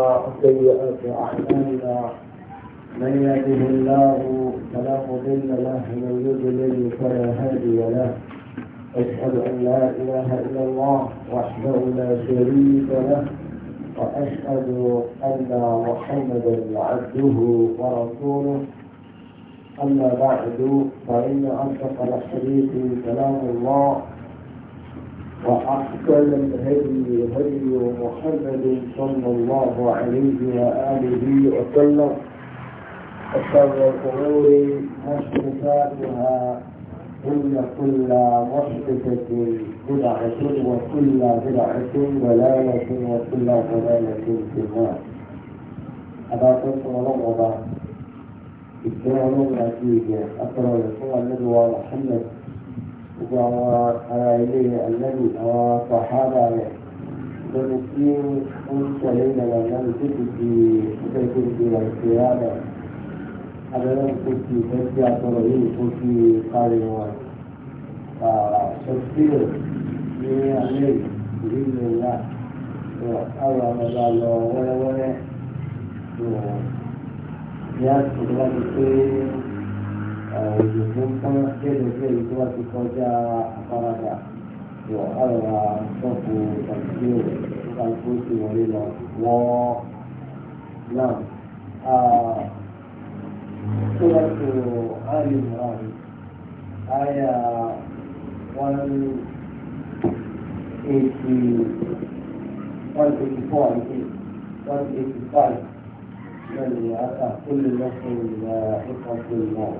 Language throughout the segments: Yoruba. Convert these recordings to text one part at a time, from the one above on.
وسيئات أعمالنا من يهده الله فلا مضل له ومن يضلل فلا هادي له أشهد أن لا إله إلا الله وحده لا شريك له وأشهد أن محمدا عبده ورسوله أما بعد فإن أصدق الحديث كلام الله وأحسن الهدي هدي محمد صلى الله عليه وآله وسلم وشر الأمور محدثاتها إن كل محدثة بدعة وكل بدعة ضلالة وكل ضلالة في النار أبا تنصر رغبة الدعوة العتيقة أقرأ لكم النبوة محمد gbogbo àwọn ará ilé ànábì àwọn sàhábà rẹ̀ lórí tí ó ń tẹ̀lé ìlànà ànábì tó ti di ọjọ́ tó ti wà ìṣe àdà abẹ́rẹ́ tó ti fẹ́ sí àtọ̀rọ̀ yìí tó ti kárí wọn. Shakespeare ní alẹ́ ìlú ńlá àwọn àmàlà lọ wẹ́rẹ́wẹ́rẹ́ ní àsìkò láti pé òyìnbó tán gẹ́gẹ́ bí èyí tó wá ti kọjá àfaradà yọ àrọ̀wà sọ́kù tàbí òwe tó bá kó sí wọlé lọ wọ́n náà tó bá tó àyè mìíràn àyà one eighty one eighty four àti one eighty five náà ni a kà kó lè lọ́kùnrin ìgbà ìkàkùn náà.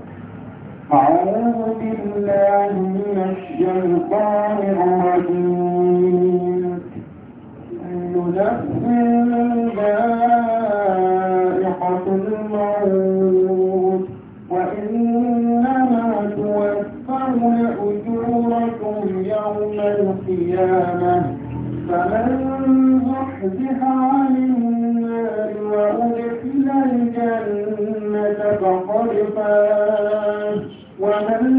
أعوذ بالله من الشيطان الرجيم ينزل البائحة الموت وإنما توفون أجوركم يوم القيامة فمن زحزح عن النار وأدخل الجنة فقد فاز ومن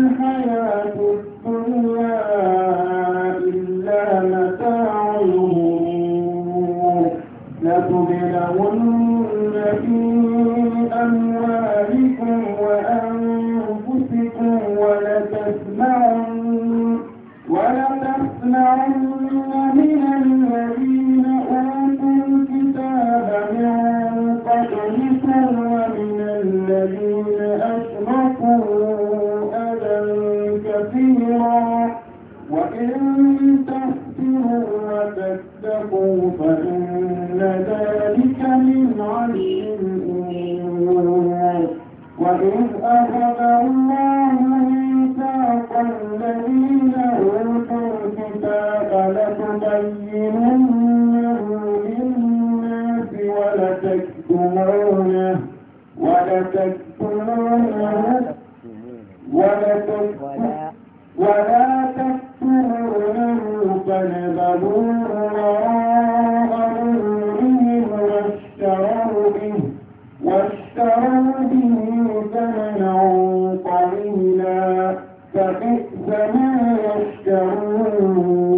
فبئس ما يشترون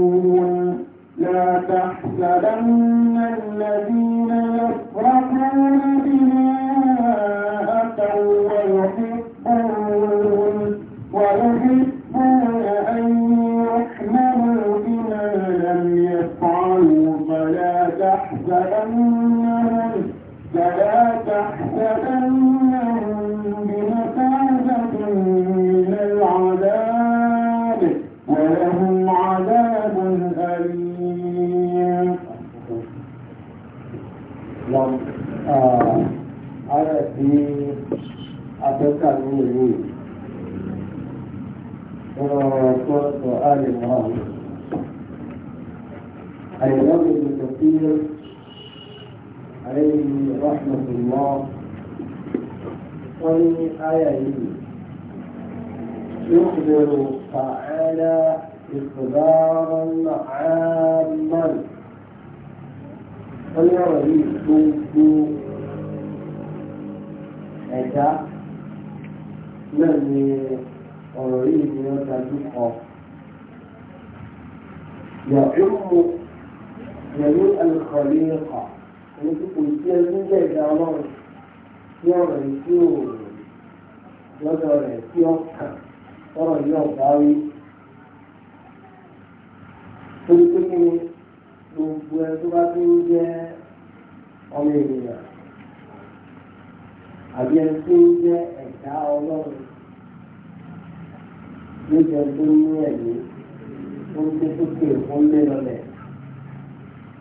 pè fún lílọ lẹ̀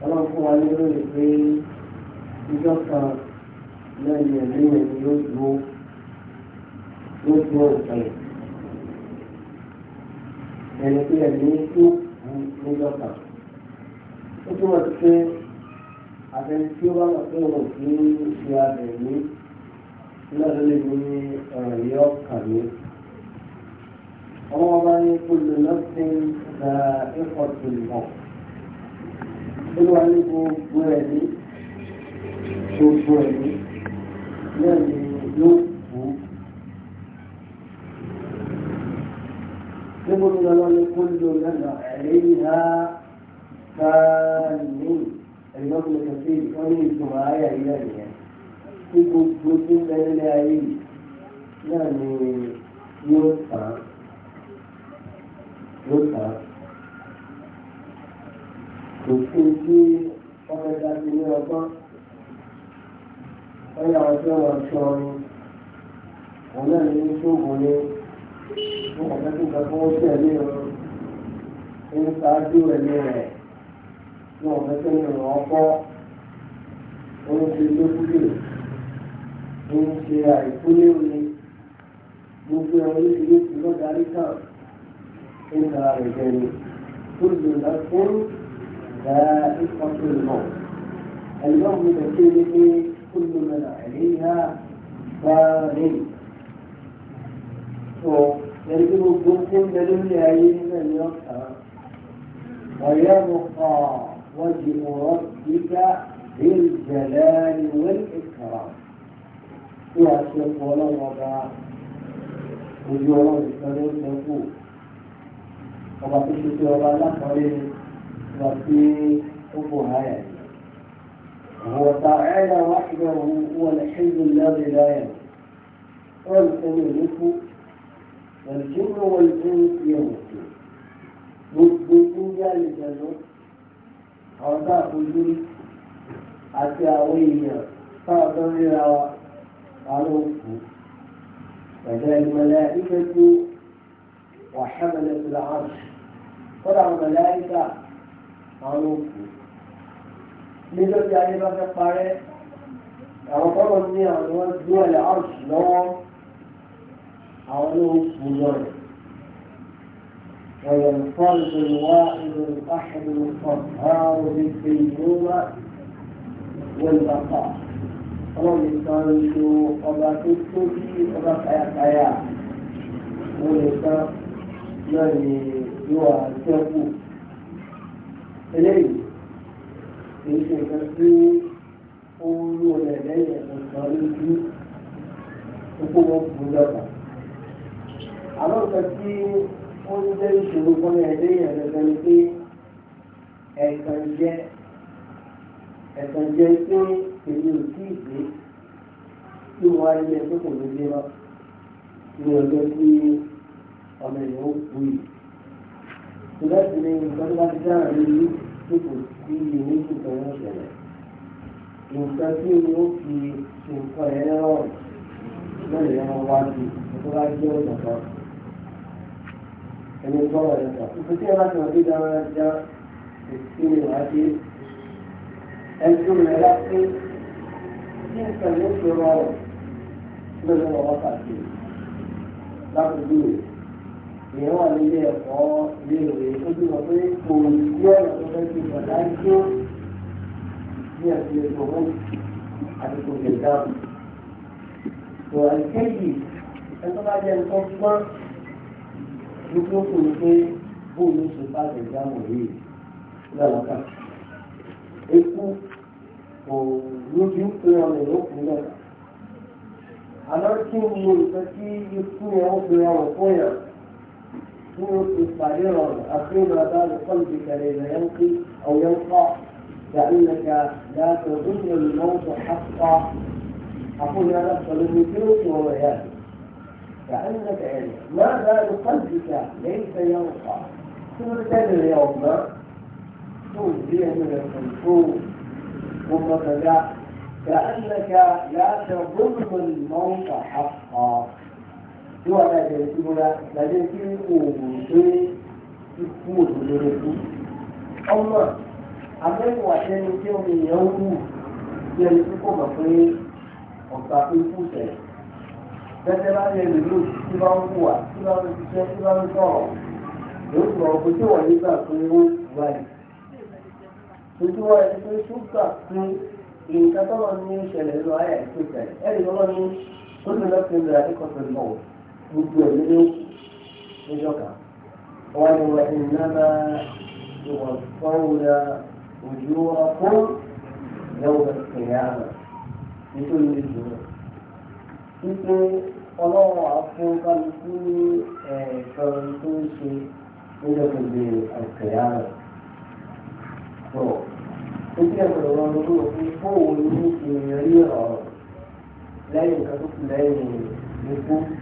ọlọ́run fún wa lérò rẹ̀ pé ìjọ kan náà ni ẹ̀mí yẹn ni yóò dúró yóò dúró òpin ẹni pé ẹ̀mí tó kú níjọ kan ó túmọ̀ sí pé àtẹni tí ó bá lọ pé òun kì í ṣe abẹ̀mí náà ló lè ní ọ̀rọ̀ yìí ọ̀kàn àwọn ọba ní kúlù lọ́sìn gba ikọ̀ tó lọ. Olúwa ní gbogbo ẹ̀mí, gbogbo ẹ̀mí, náà ni yóò kú. Níbo ni ọlọ́ ní kúlù lọ́nà ẹ̀lẹ́yìn ha káàní ẹ̀yọ́ mi kò sí ìtọ́ ní ìtumọ̀ ayé ayé ẹ̀yẹ. Ní gbogbo tí ń bẹ nílé ayé yìí, náà ni yóò tàn án ló ta kò tí wọ́n fẹ́ dá ní ọgbọ́n wọ́n yà wọ́n fẹ́ wọn sọ ni wọ́n náà ní ṣóògùn ni wọ́n kàn fẹ́ kí nǹkan kan ó tẹ̀lé ọ̀rọ̀ ń ṣáájú ẹ̀mí rẹ̀ ní ọ̀fẹ́ tó ní ọ̀rọ̀ ọkọ́ ó ń ṣe lókùlé ṣe àìkúlé òní gbogbo ẹ̀rọ oríṣiríṣi lọ́darí kan. إلا رجال كل نفس ذائقة الموت الموت بسيره كل من عليها فان يجب الدخول لدل عليه من يرحم ويبقى وجه ربك بالجلال والإكرام يا شيخ ولو وضع ربك الكريم يقول ọba tó ṣe pé ọba alákọ̀ọ́lẹ̀ ni ọba tí ó bò háyà ni. هو تعالى وحده هو الحي الذي لا يموت والإنسان يموت والجن والإنس يموتون gbogbo jáde jẹnu àwọn tá a fojú rí àti àwọn èèyàn táwọn tó ń ríra wa àwọn òkú ẹ̀dá ìmọ̀lẹ́ ìfẹ́ tó wà ṣẹ́mẹ̀lẹ́ tó làwọn àṣà. kọ́dà àwọn mẹ̀láyíkà àwọn òkú níjọ́ tí ayé bá fẹ́ parẹ́ àwọn tọ́lọ̀ ní àwọn tí wọ́n dúró ẹ̀lẹ́ ọ̀ṣù lọ́wọ́ àwọn ló ń kú lọ́rẹ̀ وينفرد الواحد الأحد القهار بالدينونة والبقاء ọlọ́run nìkan lo ọba tó tóbi ọba kayakaya òun nìkan náà ni yóò wà eléyìí kì í tí ó ń rú ọ̀rẹ́ lẹ́yìn ẹ̀sán lójú tó kó wọn kú lọ́ta. àwọn tí ó ń jẹ́ ìṣòro fún ẹ̀dẹ́yìn ẹ̀dẹ́gbẹ́ ni pé ẹ̀sán jẹ́ ẹ̀sán jẹ́ pé èmi ò tí ì gbé tí wọ́n á yẹ kò ní gbé lọ ní ọjọ́ tí ọmọ ènìyàn ń kú yìí ìrẹsì ni nǹkan tó bá ti dára lórí tí kò sí ìwéjì tó ń ṣẹlẹ̀ nǹkan tí ó fi ṣe nǹkan ẹ̀ lọ́rùn lọ́rùn yẹn wá sí tó bá jẹ́ ọ̀dọ̀ kan ẹni gbọ́dọ̀ rẹ̀ kà tuntun tí ẹ bá ti wọ́n dé dáradá èsì ni wàá dé ẹni tó rẹ̀ wá pé tí nǹkan yóò fi rọrùn lọ́rùn wọn wá kà sí i láti dúró ìyẹn nílé ẹ̀kọ́ iléèwé tó bí wọn pé kò sí ọ̀nà tó fẹ́ fi bàdá jó bí àti ètò wọn àti kò lè dáhùn. tó àìkéjì ẹ̀tọ́ bá jẹ́ nǹkan gbọ́n ní kí ó kò ní pé bóòlù ṣe bá lè dáhùn yìí lọ́lọ́kà. Eku kò lójú pé ọmọ ìlú kù lọ́kà. Àná kí n lo ìfẹ́ kí ikú yẹn ó fi ọmọ fún yàrá. سورة الطائرة أخيرا بال قلبك ليس يلقي أو يلقى كأنك لا تظن الموت حقا أقول يا رب فلنذكرك وهو يأتي كأنك يعني ما بال قلبك ليس يلقى ثم تدري يوم تؤذيه من الخلفوف ثم تدع كأنك لا تظن الموت حقا tí wọ́n náà jẹ́ sí múra làjẹ́ kí oògùn pé ikú òdòdó rẹ̀ kú. ọmọ abẹ́rù àtẹni tí omi èèyàn ń kú bí ẹni tí kò mọ̀ pé ọ̀gá pé kú tẹ̀. bẹ́ẹ̀ bá yẹ lòlú tí bá ń wà tí bá ń ṣiṣẹ́ tí bá ń sọ̀rọ̀ yóò sọ ọ̀gbọ́n tí wọ́n yé gbà pé ó wà yìí. ojú wa ẹni pé ṣúgà pé nǹkan tó lọ ní ìṣẹ̀lẹ̀ lọ ayà ìpè tẹ̀ ẹ̀rì lọ́wọ́ ní tó lè lọ́ọ́ gbogbo ẹ̀ lé níjọ́ kan wọ́n ní wọ́n ti náà ìwọ̀n fọ́wọ́dà ojú ọkọ́ lọ́wọ́ ìyáàmù nítorí ìdùnnú. wípé ọlọ́run àfọ̀nkálukú ní ẹ̀ẹ̀kan tó ń ṣe níjọ́ gbogbo àìsèyáàmù. tó ó ti ẹ̀kọ́ lọ́wọ́ lórí òfin fóònù ní ìrírí ọ̀rọ̀ lẹ́yìn nǹkan tó ikú.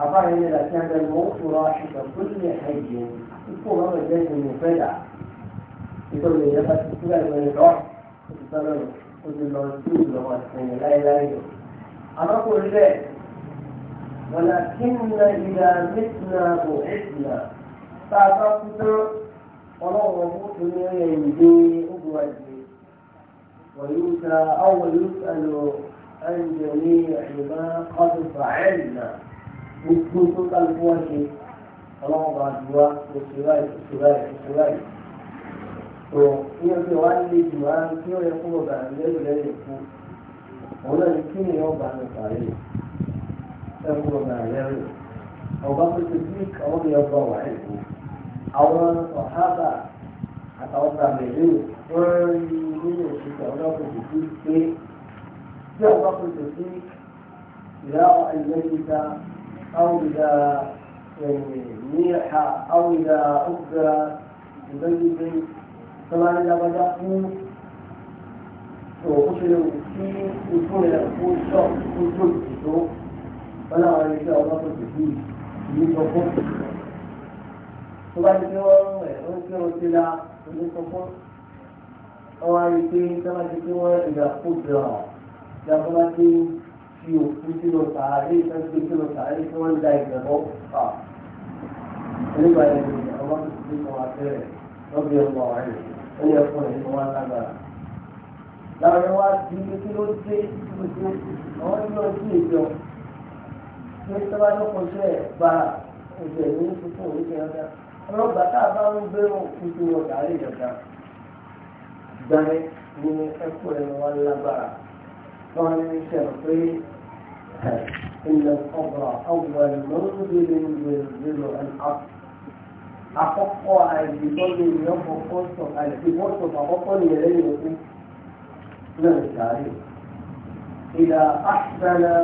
أطاع إذا كان الموت راحك كل حي يكون هذا الجيش المفادع يقول لي يبقى تستطيع من الروح وتتبع قلت له رسول الله لا إله إلا أنا أقول لك ولكن إذا متنا بعثنا فأعتقد ولو موتنا ينجي أبوجي ويوسى أو يسأل عن جميع ما قد فعلنا gbogbo tó kálukú wá ṣe ọlọ́run bá dùwà oṣù láì oṣù láì oṣù láì tó ní ọjọ́ wa lè jù wá kí ó yẹ kó o bàrà lẹ́rù lẹ́rù kú òun náà ní kí ni ó bá mi parí ẹ kó o bàrà lẹ́rù ọba tó ti bí àwọn ni ọba wà ẹ̀ kú àwọn ọ̀hábà àtàwọn tàbí lérò wọ́n rí nínú òṣìṣẹ́ ọlọ́run kò sí pé tí ọba tó ti bí ìyá ẹ̀yẹ́ ti ta. أو إذا يعني نيح أو إذا أبدى ببيض طبعا إذا بدأوا وقتلوا في وصول إلى وصول شر وصول الشر فلا عليك الله تبكي يتوقف طبعا كده وانكروا السلع ويتوقف أو عليك طبعا كده إذا قدر إذا قدر tí o kú sínú sàárè tó ń gbé sínú sàárè tí wọ́n ń da ìgbẹ̀bọ́ fà. nígbà yẹn ni àwọn tó ti kọ́ wa bẹ̀rẹ̀ lọ́bẹ̀ ọ̀pọ̀ àwọn rẹ̀ ó yẹ fún ẹ̀yìn wọn lágbára. láàrin wa di kí ló dé tuntun àwọn tí wọ́n ti ìjọ ní sábà ló kọ sí ẹ̀ gba ẹ̀jẹ̀ ní tuntun òní kẹrẹ́dá. ọlọ́gbà tá a bá ń gbé òkú sínú sàárè ìjọba gbẹrẹ ní ẹkọ ẹ̀yìn wọn lágbára. Wọ́n ní sẹ́wọ̀n pé إن الصبر أول منزل ينزل العقل àkọ́kọ́ àìsíkọ́lé ni ó kọ́kọ́ sọ àìsíkọ́sọ àkọ́kọ́ ni ẹ̀rẹ́ yóò kú náà sáré ìlà àṣìṣàlẹ̀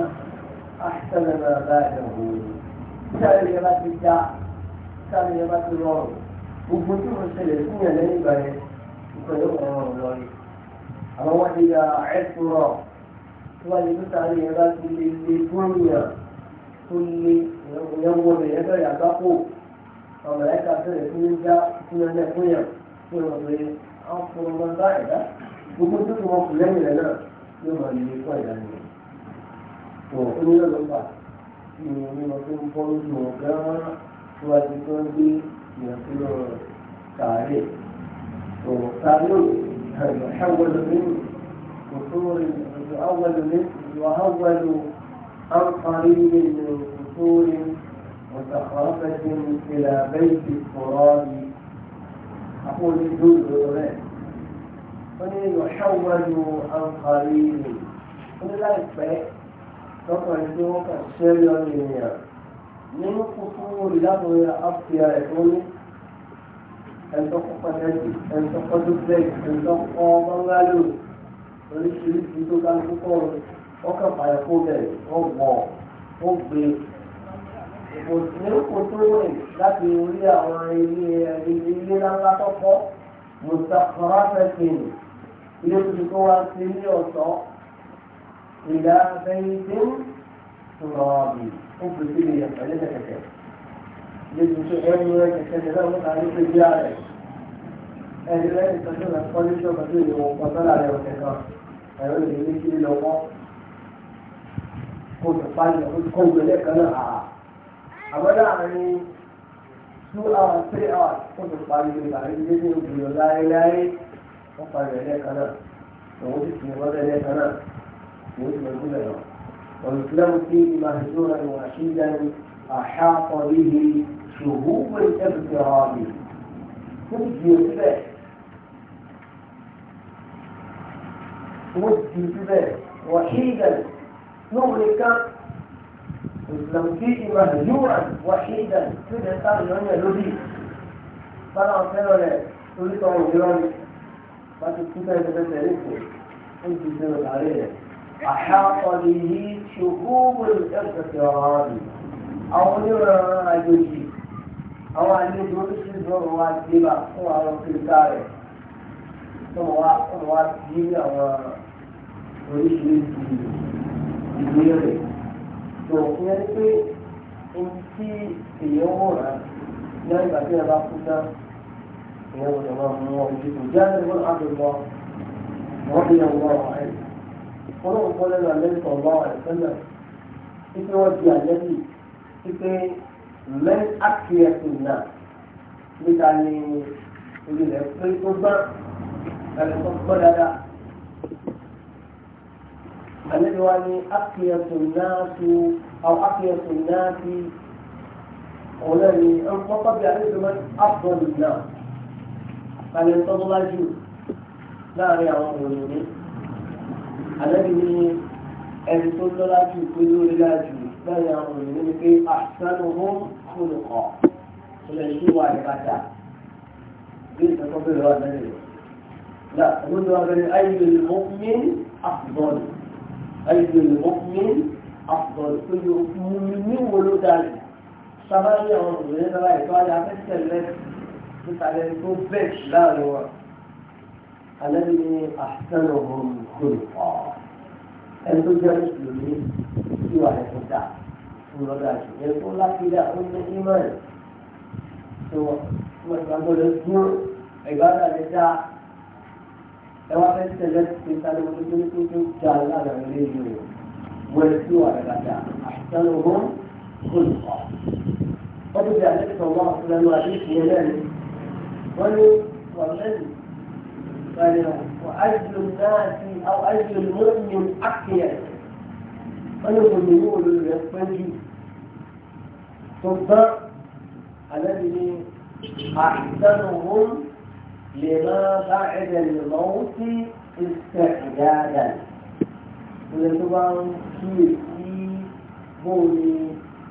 àṣìṣàlẹ̀ náà báyìí ọ̀hún sáré yẹn bá ti dá sáré yẹn bá ti rọrùn gbogbo tí mo ṣẹlẹ̀ sí yẹn lẹ́yìn ìgbà yẹn nǹkan yóò rọrùn lọ́rí àwọn wọ́n ti ya ẹ̀sùn rọ̀ wáyé tó sáré yẹn bá ti lè lè fún àmìyàn tó lè ìyẹ́wọ́ rẹ̀ yẹn bẹ̀rẹ̀ àgbápò ọ̀rọ̀ ẹ̀ ká bẹ̀rẹ̀ fún yín já fún yẹn lẹ́ fún yẹn fún yẹn pé àwọn fọlọ́ máa bá ẹ̀dá gbogbo tó ti wọn kù lẹ́yìn rẹ̀ náà yóò máa lè fún ẹ̀dá ni. tó o ní lọ́dọ̀ bá ní ìwọ tó ń bọ́ lójú wọn gan-an tó wá ti tó ń gbé ìyàtọ̀ tó sáré وأول مثل وأول عن قريب من قصور وزخرفة إلى بيت التراب أقول جزء ومن يحول عن قريب من لا يكفي تقعد فوق من فصول لغو أصيا يكون أن تقف نجد أن تقف الزيت أن تقف ضلالوت oríṣiríṣi tó bá ń kó kọ́ ọkàn fàyà kó bẹ̀rẹ̀ wọ́n gbọ́ wọ́n gbé kò ní kò tó rìn láti orí àwọn ilé ilé ńláńlá tó kọ́ mùsàkọ́rọ́ fẹ́sìn ilé tuntun tó wá sí ilé ọ̀sán ìdá fẹ́yìntì tùrọ̀ọ̀bì ó fi sí ilé ẹ̀fọ́ ilé kẹ̀kẹ́ ilé tuntun ẹni rẹ̀ kẹ̀kẹ́ tẹ̀lé ọ̀sán kan ní pé bí ààrẹ ẹni rẹ̀ ìtọ́jú rẹ̀ kọ́ ní sọ́kàn tó ìlú ọ̀sán láàrin ọ̀sẹ̀ kan ẹ̀rọ lè ní kí lọ wọ́n kó tó pa ìyàwó kó gbé lẹ́ẹ̀kan náà àrà àmọ́ láàrin two hours three hours kó tó pa ìyàwó ìbàrí ilé ní òbílọ láyé wọ́n pa ìyàwó lẹ́ẹ̀kan náà òun sì tún ìwọ́n lẹ́ẹ̀kan náà òun sì lọ sílẹ̀ lọ. والإسلام فيه مهجورا وحيدا أحاط به شهور الاضطراب. كل شيء ودي كده وحيدا نغلق لو فيه مهجورا وحيدا كده صار لنا لودي طلع كده ولا تقول له مهجورا بعد كده ده تاريخه انت بتقول عليه أحاط به شكوب الاغتراب أو نرى عجوزي أو أن يدرس الزروات دبا على الكتاب ثم وعلى الدين oríṣiríṣi ìbéèrè tó yẹ pé tí èèyàn wòrà lẹ́yìn ìgbà tí ẹ bá kú tán èèyàn wòrà máa mú ojú kò jáde wọn á lè lọ wọn bí ẹwọ ọ̀rọ̀ ẹ wọn náà kọ lẹ́nu alẹ́ sọ ọgbà ọ̀rẹ́ ṣẹlẹ̀ títí wọn di alẹ́ bì títí mẹ́rin àkíyèsí náà níta ni olùlẹ̀ pé tó gbá ẹ̀rọ tó gbọ́ dáadáa. الذي يعني أقية الناس أو أقية الناس هنا فقط يعني من أفضل الناس قال ينتظر جو لا يا أمي الذي ينتظر جو كل لا جو لا يا أمي في أحسنهم خلقا الذي هو عبادة ليس قبل هذا لا هو أي المؤمن أفضل أي المؤمن أفضل كل مؤمن ولو ذلك سبب يوم غير رأيك على مثل على الكوبيت لا هو الذي أحسنهم خلقا أنت الدنيا لي في واحد فتاة ورجاج يقول لك لا أن إيمان ثم مثلا الأسبوع عبادة لله ẹwà fẹ́ tẹ̀lé ti ta ló tó tó tó dá lára ilé yìí o wọ́n ti wà rẹ̀ dada àtẹnu hàn kò ní kọ́. wọ́n ti di àtẹ́tọ̀ wá ọ̀fúnlẹ́nu àti ìfìyẹ́ náà ni wọ́n ní wàlẹ́nu gbàdúrà وأجل الناس أو أجل المؤمن أكيد أنا بالنور يقبلني ثم الذي أحسنهم لما بعد الموت استعدادا ولتبان كيف بوني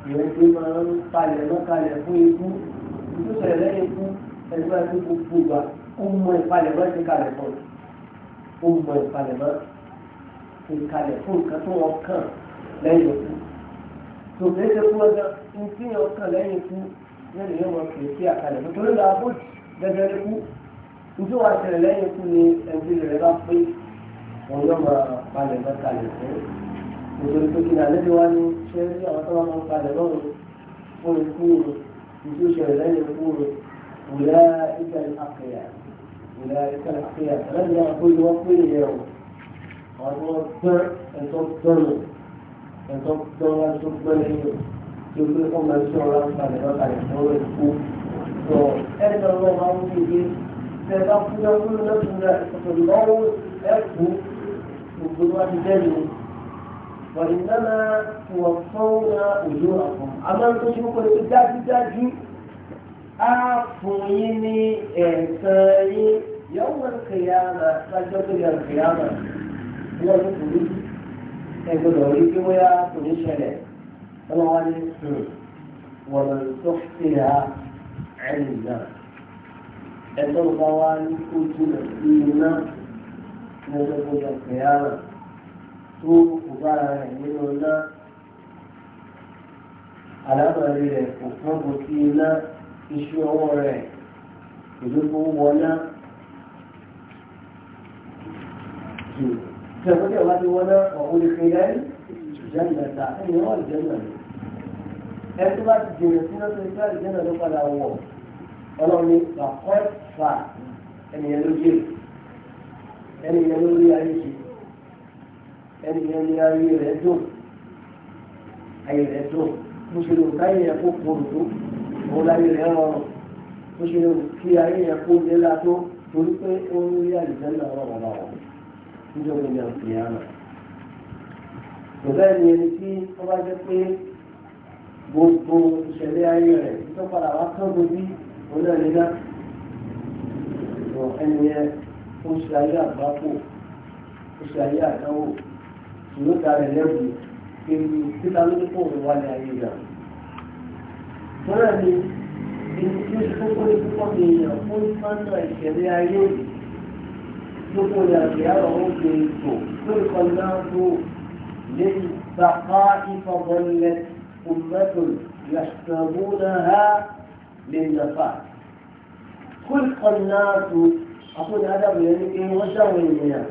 ìrètí máa ń palẹ̀ mọ́kalẹ̀ fún ikú ikú sọ̀rọ̀ lẹ́yìn ikú ẹgbẹ́ tó gbogbo wa ó mọ ìpalẹ̀ mọ́ ti kalẹ̀ fún ó mọ ìpalẹ̀ mọ́ ti kalẹ̀ fún nǹkan tó wọ́n kàn lẹ́yìn ikú tó kéde fún ọjà ní tí wọ́n kàn lẹ́yìn ikú lẹ́yìn yóò mọ̀ kéde sí àkalẹ̀ fún torí làbójì gẹ́gẹ́ ikú ojú wa ṣẹlẹ̀ lẹ́yìn kú ni ẹbí rẹ̀ bá pé wọn yóò máa palẹ̀ bá kalẹ̀ fún nítorí pé kí ni àlejò wa ní ṣe rí àwọn tó wà máa ń palẹ̀ lọ́rùn fún ikú rẹ̀ ojú ṣẹlẹ̀ lẹ́yìn kú rẹ̀ wùlá ìgbà àkẹyà wùlá ìgbà àkẹyà lẹ́yìn náà tó yẹ wọ́n pé ìyẹn o àwọn tó wọ́n gbọ́n ẹ̀tọ́ gbọ́nù ẹ̀tọ́ gbọ́n wá tó gbọ́n lẹ́yìn tó gbé ọmọ ẹ̀ṣọ́ wa palẹ̀ bá kalẹ̀ fún ikú tó ẹ̀ ẹ̀ka fúnjẹ́ fún lẹ́tùn rẹ̀ ìfọ̀lọ́wọ́ ẹ̀kú gbogbo wa ti dẹ́nu wà ìnáná wọ̀ fọ́nà òjò àkàn amáńtó tí wọ́n kọ́ni pé dájúdájú á fún yín ní ẹ̀sán yín yọ̀wọ́ wọn kìyàmà lájọ́ tó yà kìyàmà wọ́n ti kù ní ẹgbẹ́dọ̀ orí kí wọ́n yá kò ní ṣẹlẹ̀ wọ́n wá ní wọ́n lọ sọ́kìtì ha ẹ̀yìn náà ẹ̀tọ́ bá wá ní ojú rẹ̀ sí iná ní ọjọ́ tó yẹ kẹ̀yàrá tó kò bára rẹ̀ nínú iná alábàárí rẹ̀ kò fún bó sí iná iṣu ọwọ́ rẹ̀ ìlú tó wọná. Ìjọba ìwà ti wọná ọ̀hún ìpínlẹ̀ ìjọba ìta ẹni wọ́n ìjọba ẹ̀ tó bá ti jèrè sínú tó ìjọba ìjọba ló padà wọ̀ ọlọ́ni fàkọ́fà ẹnìyẹn ló jẹ́ ẹnìyẹn ló rí ayé ṣe ẹnìyẹn ní ayé rẹ̀ dùn ayé rẹ̀ dùn mo ṣe lè wò káyé yẹn kó kóró tó òun láyé rẹ̀ rọrùn mo ṣe lè wò kí ayé yẹn kó léla tó torí pé ó ń rí àlùfẹ́ náà rọrùn náà níjọba ìjà òkèèyàn náà. Bàbá ẹni ẹni tí wọ́n bá jẹ́ pé gbogbo ìṣẹ̀lẹ̀ ayé rẹ̀ tó padà wá kán gbogbo هنا لنا وأن oṣù ayé àgbápò oṣù ayé àdáwò ìlú darẹ lẹ́wù ewu títa ló pọ̀ wà ní ayé rẹ̀. Bọ́lá ni ẹni tí ó kókó ní púpọ̀ ní èèyàn ó ní pátá ìṣẹ̀lẹ̀ ayé gbogbo ìrìnàjò yàrá òun gbé ètò lórí kan náà tó lẹ́yìn bàbá ìfọ̀bọ̀lẹ̀ òmùmẹ́tò yàtọ̀ bó náà. للنفاق خلق الناس أقول هذا يعني وشاور المياه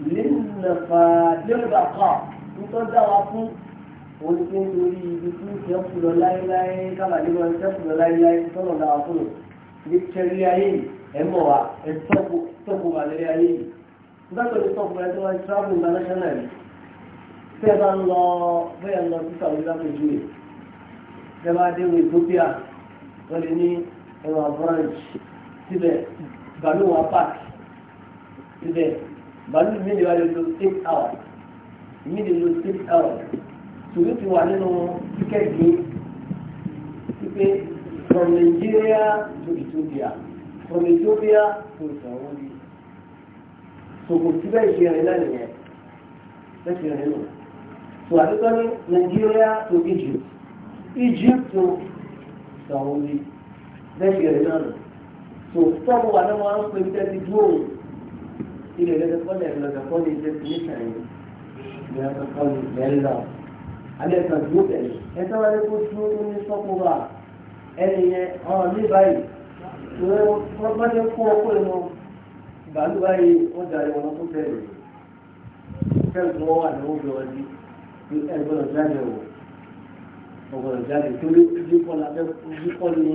للنفاق للبقاء متدعى أقول onípe nítorí ibi tí ń tẹ́ kú lọ láéláé kábàdé máa ń tẹ́ kú lọ láéláé tọ́nà dára fún un ní kẹrí ayé yìí ẹ mọ̀ wá ẹ tọ́kù wà lórí ayé yìí nígbàgbọ́ ní tọ́kù rẹ tó wá travel international tẹ́ ẹ bá ń lọ bẹ́ẹ̀ lọ sí Saudi Arabia ju rẹ̀ tẹ́ bá dé wọ Ethiopia wọ́n lè ní ẹwà branch síbẹ̀ bàálù wọn park síbẹ̀ bàálù mi lè wá lè lo six hours mi lè lo six hours tòun ti wà nínú tíkẹ́ẹ̀tì pípé from Nigeria to Ethiopia from Ethiopia to Saudi sòkò síbẹ̀ ìṣe náà nìyẹn lẹ́sìn rẹ̀ So àdúgbò ní Nigeria to Egypt, Egypt to sọ̀rọ̀ mi lẹ́yìn rẹ̀ náà tó tọ́mù wà náà wọ́n á ń pè tẹ́ ti dúró ilẹ̀ lẹ́sẹ̀kọ́lẹ̀ lọ́sẹ̀kọ́lẹ̀ ìṣe ti ní sàn yìí lọ́sẹ̀kọ́lẹ̀ lẹ́yìn lọ. alẹ́ kan dúró bẹ̀rẹ̀ ẹ̀sẹ̀ wáyé kó dúró tó ní sọ́kù wa ẹni yẹn ọ̀hún ní báyìí tó wọ́n bá jẹ́ kó ọkọ̀ ẹ̀ mọ́ bàálù báyìí wọ́n darí wọn tó bẹ̀rẹ̀ fẹ́ẹ̀ tó wọ́n wà ní ọgbọ̀n ìjáde tó ní ojúkọ́ lábẹ́ ojúkọ́ ní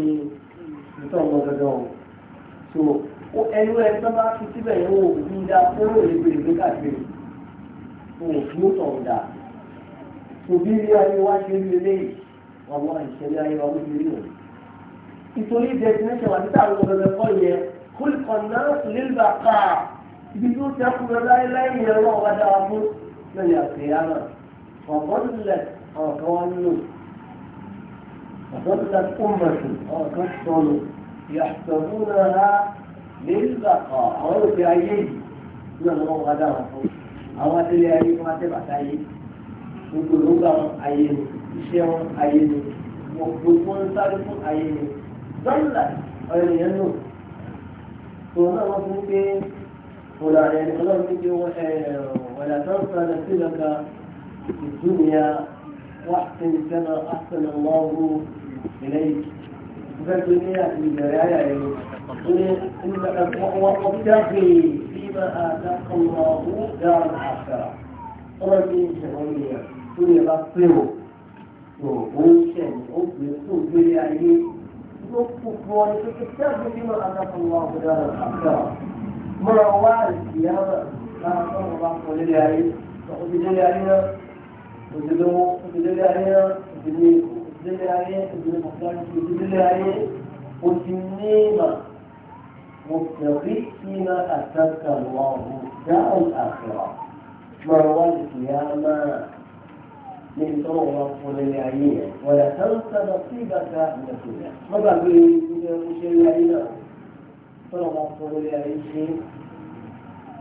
ìtọ́ ọmọ dandan so ó ẹnu ẹ tó bá fi síbẹ̀ yẹn wò ó ní dá ó lè lè gbèrè gbé káàkiri o ò fún ó tọ̀hún dà so bí ilé ayé wá ṣe rí eléyìí ọmọ ìṣẹ̀lẹ̀ ayé wa ló ti rí o ìtòlí destination àti táwọn ọmọ dandan kọ́ yẹ kúlìkọ̀ náà lélùbà káà ibi tó sẹ́kù rẹ láéláé yẹn lọ́wọ́ wá dáa fún lẹ́yìn àti ìyá náà ọ̀pọ̀ nílẹ̀ ọ̀kan wá nínú. ظلت أمة أكثر يحسبونها للبقاء أو في من يغلو غدرهم أو أي أيه ما تبعت أيه وقلوبهم أيه شيهم أيه وقلوبهم صارفهم أيه ظلت أيه ينو فهنا مفهوم ولا يعني خلاص ولا تنسى نصيبك في الدنيا واحسن كما أحسن الله إليك فالدنيا في مرايا وابتغي فيما آتاك الله دار الآخرة ọlọ́dún ìṣẹ̀wọ̀n ni ẹ̀ tó yẹ bá pé o ò ń ṣẹ̀yìn ó gbé tó gbélé ayé ló kú fún ọ ní pé sẹ́gun bí wọn àtàkùn wọn kò dára àgbà mọ́ra wá ìyá náà láwọn bá kọ lélẹ̀ ayé ó ti délé ayé náà ó ti lówó ó ti délé ayé náà ó ti ní ikú. ìdílé ayé ìdílé mọ̀tàkì ìdílé ayé o ti ní ìmà mo tẹ̀rí sí iná àtàkà lọ́wọ́ dáhùn àfẹ́rà máa wá ìyá máa ní ìtọ́wọ́ wọn fún ilé ayé yẹn wọ́n yà tán sábà sí ìbàtà ìdàkùnrin wọ́n gbàgbé ìdílé ìṣẹ́lẹ̀ ayé náà tọ́lọ̀ wọn fún ilé ayé ṣe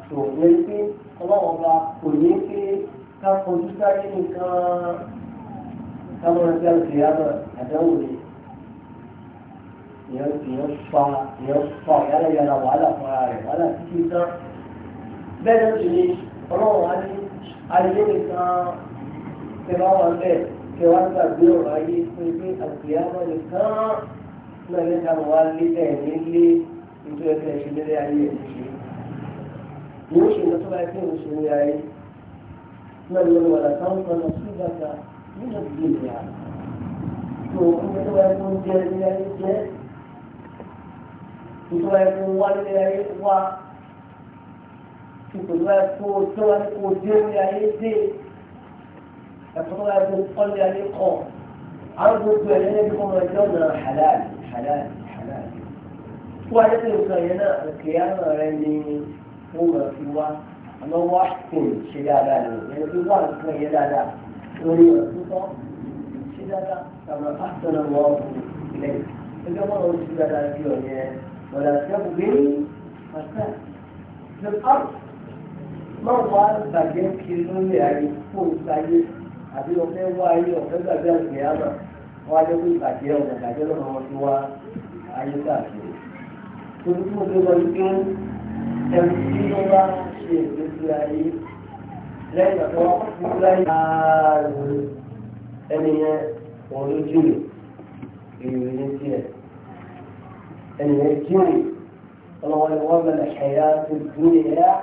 tò lẹ́yìn pé ọlọ́wọ́n bá kò ní pé ká fojú sáré nìkan káwọn ọ̀rọ̀ ìgbà òkè yàrá àdánwò ni èèyàn fa èèyàn fa ìyálẹ̀ yàrá wàhálà fún ara rẹ̀ wàhálà títí tán bẹ́ẹ̀ ló ti ní ọlọ́run á ní ayé nìkan tẹ bá wà bẹ́ẹ̀ tẹ wá gbàgbé ọ̀rọ̀ ayé fún ilé àgbéyàwó nìkan náà ní ká wà lé bẹ́ẹ̀ nílé ìjọ ẹgbẹ́ ìṣẹ̀lẹ̀ ayé ẹ̀ ṣe ní oṣù tó bá yẹ kí oṣù ní ayé náà ní wọn wà látàwọn kan lọ sí ìgbà kan. من الدنيا وكل يكون جاهل جاهل كل يكون والد و كل يكون كل يكون جاهل جاهل كل يكون قل يقوم عرض الدنيا بكم رجلنا حلال حلال حلال وعلى الكيانا الكيانا يعني هو في واحد أنا واحد شلالان يعني في واحد كيانا ويعطيك شدك كما أحسن الله إليك إذا مروا شدك في ولا تبغي فساد في الأرض مرة بعدين كيلو يعني فوق بعدين àbí ọ̀fẹ́ wá ayé ọ̀fẹ́ gbàgbé àgbẹ̀ àmà wọ́n á jẹ́ pé ọ̀nà ìbàjẹ́ lọ́nà wọn ti wá ayé káàkiri. Torí tí mo tó lọ sí ẹni tí wọ́n bá ṣe ìgbésí ayé lẹ́yìn tó wọ́n kú lẹ́yìn ẹni yẹn wọ́n ló jìnnì ìrìn ní tiẹ̀ ẹni yẹn jìnnì ọlọ́wọ́n ni wọ́n bẹ̀rẹ̀ ẹ̀yà tó dúró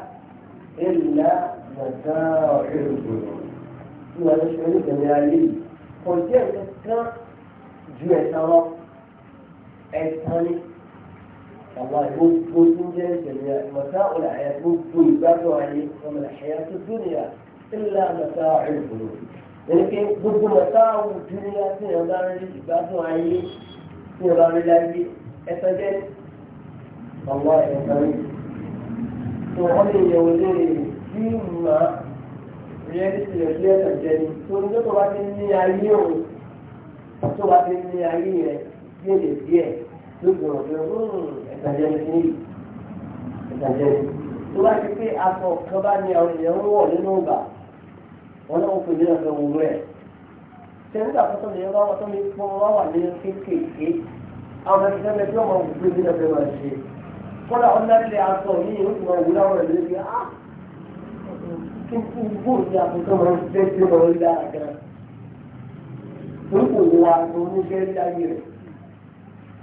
yẹ ìlà nàdá ọ̀rẹ́ tí wọ́n lè ṣe onígbẹ̀mí ayé yìí kò jẹ́ ẹ̀sán ju ẹ̀sán lọ ẹ̀sán ni. والله مو من جنة متاع الحياة مو بدون بعده عليه من الحياة الدنيا إلا متاع القلوب لكن ضد متاع الدنيا في نظر بعده عليه في نظر الله أفجد والله يفهم وقال يا ولدي فيما reality rẹ̀ lé ẹ̀sẹ̀ jẹ ni tó ní tó bá ti ní ayé o tó bá ti ní ayé rẹ̀ díẹ̀ díẹ̀ ló gbọ̀rọ̀ pé ìtàjẹ́ ní kíní ìtàjẹ́ ní. tó bá ti pé aṣọ kan bá ní àwọn èèyàn ń wọ̀ nínú ìgbà wọn náà ń pè ní ọ̀fẹ́ wúrú ẹ̀. ṣé nígbà tó lè wá wọn tó lè pọ́n wá wà ní kéékèèké àwọn ọmọ ìfẹ́ mẹ́tí wọn máa wù pé nínú ọ̀fẹ́ máa ṣe. kọ́lá ọ̀nàlẹ́ aṣọ yìí ó sì máa wù láwọn ìlú ibi á kí n kú bóòdì àkókò máa ń fẹ́ sí ọ̀rọ̀ ìlà àgàn. torí kò wá lórí fẹ́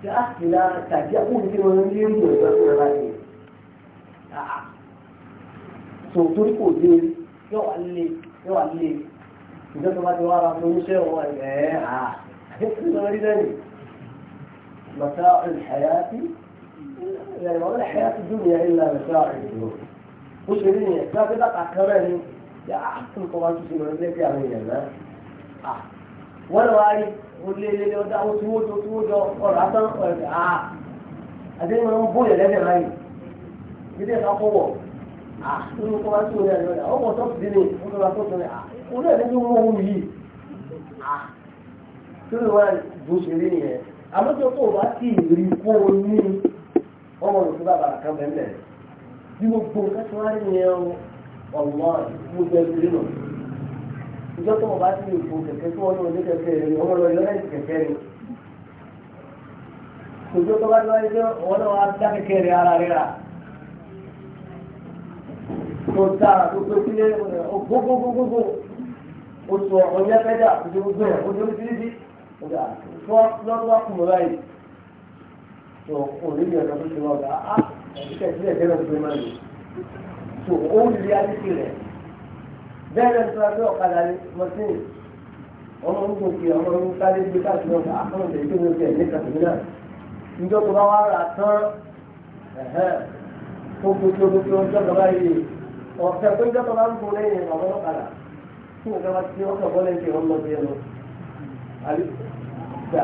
tí a sì la tàbí àkókò tí wọ́n lé ní ìgbà tó rẹ̀ láti so torí kò dé yóò wá lé yóò wá lé ìjọ tó bá ti wá ara fún oníṣẹ́ wọn ẹ̀ ẹ́ à ẹ̀sìn lọ rí lẹ́yìn mọ̀tá ìhàyàtì يعني والله حياة الدنيا إلا متاع الغرور مش هديني لا تبقى كمان يا أحسن قرآن تسمع لك يا عمي أنا أه ولو عارف mo lé lé tí wọ́n jọ tí wọ́n jọ ọ̀rọ̀ asán ọ̀rẹ́ àá àti ẹni wọn bóyá lẹ́sẹ̀ láyè ìdílé ká kọ́ wọ̀ àá tó ní kọ́ wá sí orí àyọ̀dá ọkọ̀ sọ́ọ̀tù délé wọ́n lọ́ra sọ́ọ̀tù rẹ̀ àá orí ẹ̀ lẹ́sẹ̀ wọ́n wọ́n yìí àá tó lè wá bó ṣe rí nìyẹn àmọ́ tó tó bá rí kó o ní ọmọ òṣù bàbà kan bẹ́ẹ̀ bí gbogbo nǹkan tí wọ́n rí nìyẹn ọ̀gbọ́n mo ìdílé náà ìjọ tó mo bá ti ìfò kẹ̀kẹ́ tó wọn ní ojú kẹ̀kẹ́ rẹ ọmọ lọ yọ lẹ́yìn kẹ̀kẹ́ rẹ ìjọ tó bá ti wáyé pé wọn náà wá dá kẹ̀kẹ́ rẹ ara rẹ rà tó dára tó tó sílé gbogbogbogbogbò o sọ ọjà mẹ́ta ojú gbogbo ẹ ojú ojú títí ọjà tó lọ́wọ́ kù mọ́ báyìí tó òní ìyọ̀ tó ti wọ́n gbà á ẹ̀ṣẹ̀ sílẹ̀ tẹ́lẹ̀ tó máa ń lò tó ó ń rí adé sílẹ̀ bẹ́ẹ̀ lẹ́nu tó wá pé ọ̀kadà ni mọ́tìnì ọmọ ń gòkè ọmọ ń sáré gbé káàkiri ọ̀gá akọ́nà tẹ̀lé tó ń gbé ní kàtúmínà ìjọ tó bá wà rà tán tó gbogbo gbogbo ọjọ́ bàbá yìí ọ̀sẹ̀ tó jẹ́ tó bá ń gun lẹ́yìn ọmọ ọ̀kadà tí nǹkan bá ti ọkọ̀ bọ́ lẹ́yìn ọmọ bí ẹnu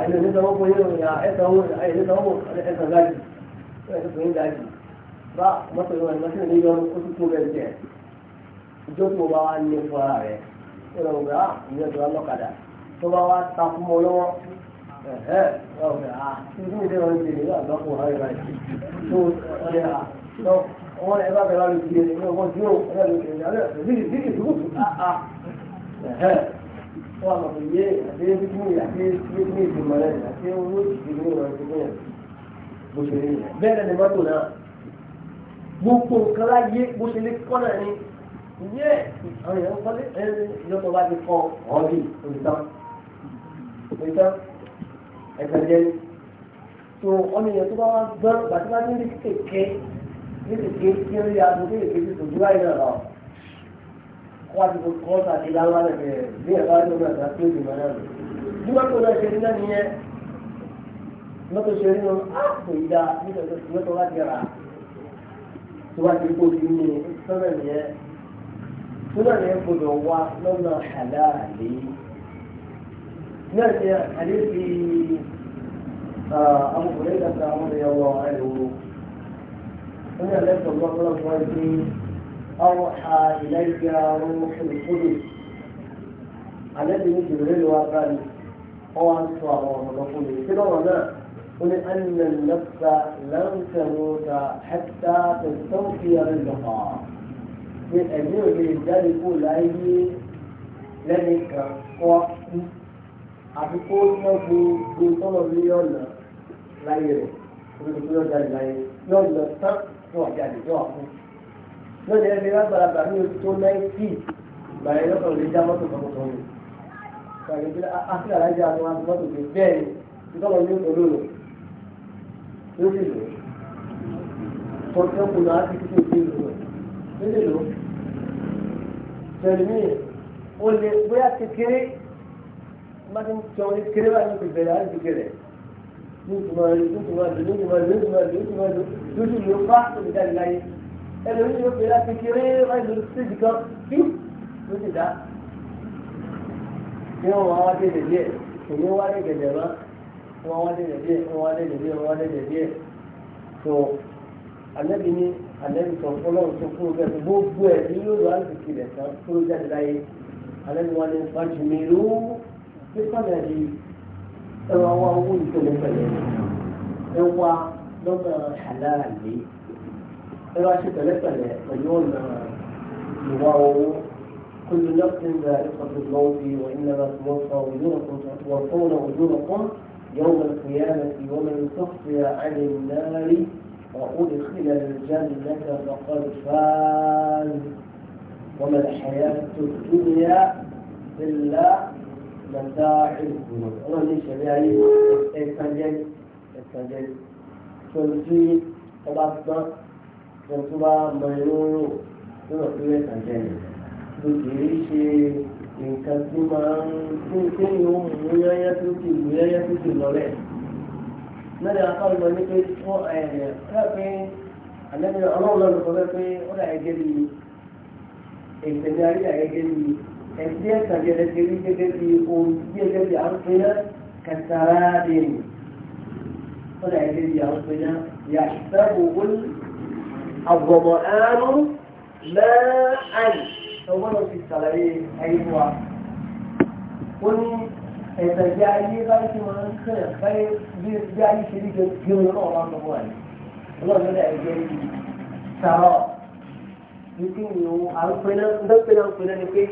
àìlè nítorí wọ́n yóò yà ẹ̀sán owó àìlè nítorí wọ́n ẹ̀sán ẹ̀sán tó ìjókòó bá wá ní fún ara rẹ̀ ó lọ gbà á ìwé ìjọba lọ́kadà tó bá wá ta fún ọ lọ́wọ́ ẹ̀hẹ́ ọ̀gbà á ìdí ìdí wọn ti rí àgbà fún ọ̀rẹ́ rẹ̀ tó ọ̀rẹ́ à lọ wọn ẹ bá bẹ̀rẹ̀ lórí ìdílé ní ọgbọ́n tí ó ọ̀rẹ́ lórí ìdílé alẹ́ ìdílé ìdílé ìdúgbò àà ẹ̀hẹ́ wọn àmọ̀ pé yé àti ẹbí àti ẹbí ìgbìmọ̀ rẹ̀ àti owó ìgbìmọ̀ rẹ̀ ti bẹ̀rẹ̀ bó ṣe rí bẹ́ẹ̀ ni mọ́tò náà gbogbo nǹkan láyé bó ṣe lé kọ́nà ni yẹ àwọn èèyàn ń kọ́lé ẹni ìjọba bá ti kọ́ ọ̀ọ́dì òǹtàn òǹtàn ẹ̀gbẹ̀jẹ̀ ni tó ọmọ èèyàn tó bá wá gbọ́ bàtí bá níbi kéèké ní kéèké tí ó rí aago kéèké tó dúró àyè náà lọ wọ́n á ti kó kọ́ ọ́sà ti dáwọ́ alẹ́ bẹ̀rẹ̀ bí ẹ̀ka ló ń bẹ̀rẹ̀ tó dì mọ́ náà lọ. bí wọ́n tó lọ ṣe ní náà nìyẹn mọ́tò ṣe nínú àpò ìdá nítorí mọ́tò wá ti tó wá ti kó sí ní sọ́nà nìyẹn. náà ni ẹ gbọdọ̀ wá lọ́nà àláàlì náà ni àdébí amòkùnrin ìdàgbà àwọn ìyàwó ẹ̀rọ wọn yà lẹ́sọ̀ lọ́pọ̀lọpọ̀ أوحى إليك روح القدس الذي جبريل وقال هو أنصار ومضافون كده ولا قل أن النفس لن تموت حتى تستوفي بالبقاء pé ẹ̀mí ò lè jáde kó láyé lẹ́nìkan kọ́ kú àti kó yọ gbogbo tọ́lọ̀ ní ọ̀nà láyé rẹ̀ lórí kó yọ jáde láyé yọ lọ tán yọ jáde yọ àkú. lọ́dẹ̀ ẹni lágbàlagbà ní oṣù tó náìtì ìgbà yẹn lọ́kàn lè já mọ́tò tọkọtọ mi. kàlẹ́ bí akíkà lájà àwọn mọ́tò tó bẹ́ẹ̀ ni tọ́lọ̀ ní oṣù ló sì lò. tọ́jú ọkùnrin àti kíkì nílé ló tẹ̀lé o lè bóyá kékeré má ti ń tẹ ọ ní kéré báyìí ní ìbẹ̀rẹ̀ á ti gẹ̀rẹ̀ nítumọ̀ nítumọ̀ nítumọ̀ nítumọ̀ nítumọ̀ lójú ló bá tóbi dá ìlà yìí ẹlòmíì ló bẹ̀rẹ̀ kékeré báyìí lórí stéèjì kan kí ló ti dá ní wọn wá dé lè díẹ̀ èmi wá dé gẹ̀dẹ̀ mọ́ wọn wá dé lè díẹ̀ wọn wá dé lè díẹ̀ wọn wá dé lè díẹ̀ tó àlẹ́ bí ní alẹ́nu sọ fọlọ́run tó kúrò bẹ́ẹ̀ tó gbogbo ẹ̀ ní yóò lọ àti tìrẹ̀ tán kúrò jáde láyé alẹ́nu wọn ni fàjùmírù pípàdé àdì ẹwà wa owó ìtòlẹ́ pẹ̀lẹ́ ẹwà lọ́nà àlàálẹ̀ ẹwà ṣe pẹ̀lẹ́pẹ̀lẹ́ pẹ̀lú ọ̀nà ìwà owó kúlù lọ́sìn gba ìkọ̀tù lọ́wọ́bí wà ní nàbà tó wọ́n fọ òjòròkùn yọ̀wọ̀n kìyàmẹ̀ ìwọ́n mẹ́rin tó fi àánì náà rí وأدخل الجنة فقد فاز وما الحياة الدنيا إلا متاع أنا ليش يعني إتجاج إتجاج تلفي تبعتنا تنتبع ميرو تنتبع إتجاج تجيشي nǹkan tí máa mẹ́rin akáwọn lọ ní pé wọ́n ẹ̀ ẹ́ pé àlẹ́bí ọlọ́run lọ́nà kan pé ó dà gẹ́gẹ́ bí ìṣẹ̀lẹ̀ ayé dà gẹ́gẹ́ bí ẹ̀sìn ẹ̀sìn gẹ́gẹ́ bí gẹ́gẹ́ bí ohun gẹ́gẹ́ bí àrùnfẹ́yà kẹsàrà dèrè ó dà gẹ́gẹ́ bí àrùnfẹ́yà yà sẹ́kù wọ́n àgbọ̀mọ̀ ẹ̀rọ mẹ́rin ọgbọ́n ti sàlàyé ayé wa ó ní ẹ̀sẹ̀ bí ayé bá ti wọn ń sẹ̀ báyé bí ayé ṣe ní gbé wọn náà wọn lọ́wọ́ ẹ̀ ọlọ́run ló ẹ̀jẹ̀ yìí sàrọ̀ nítorí ní òun àpẹẹrẹ ńdọ́pẹ̀lẹ̀ ńpẹ̀lẹ̀ ni pé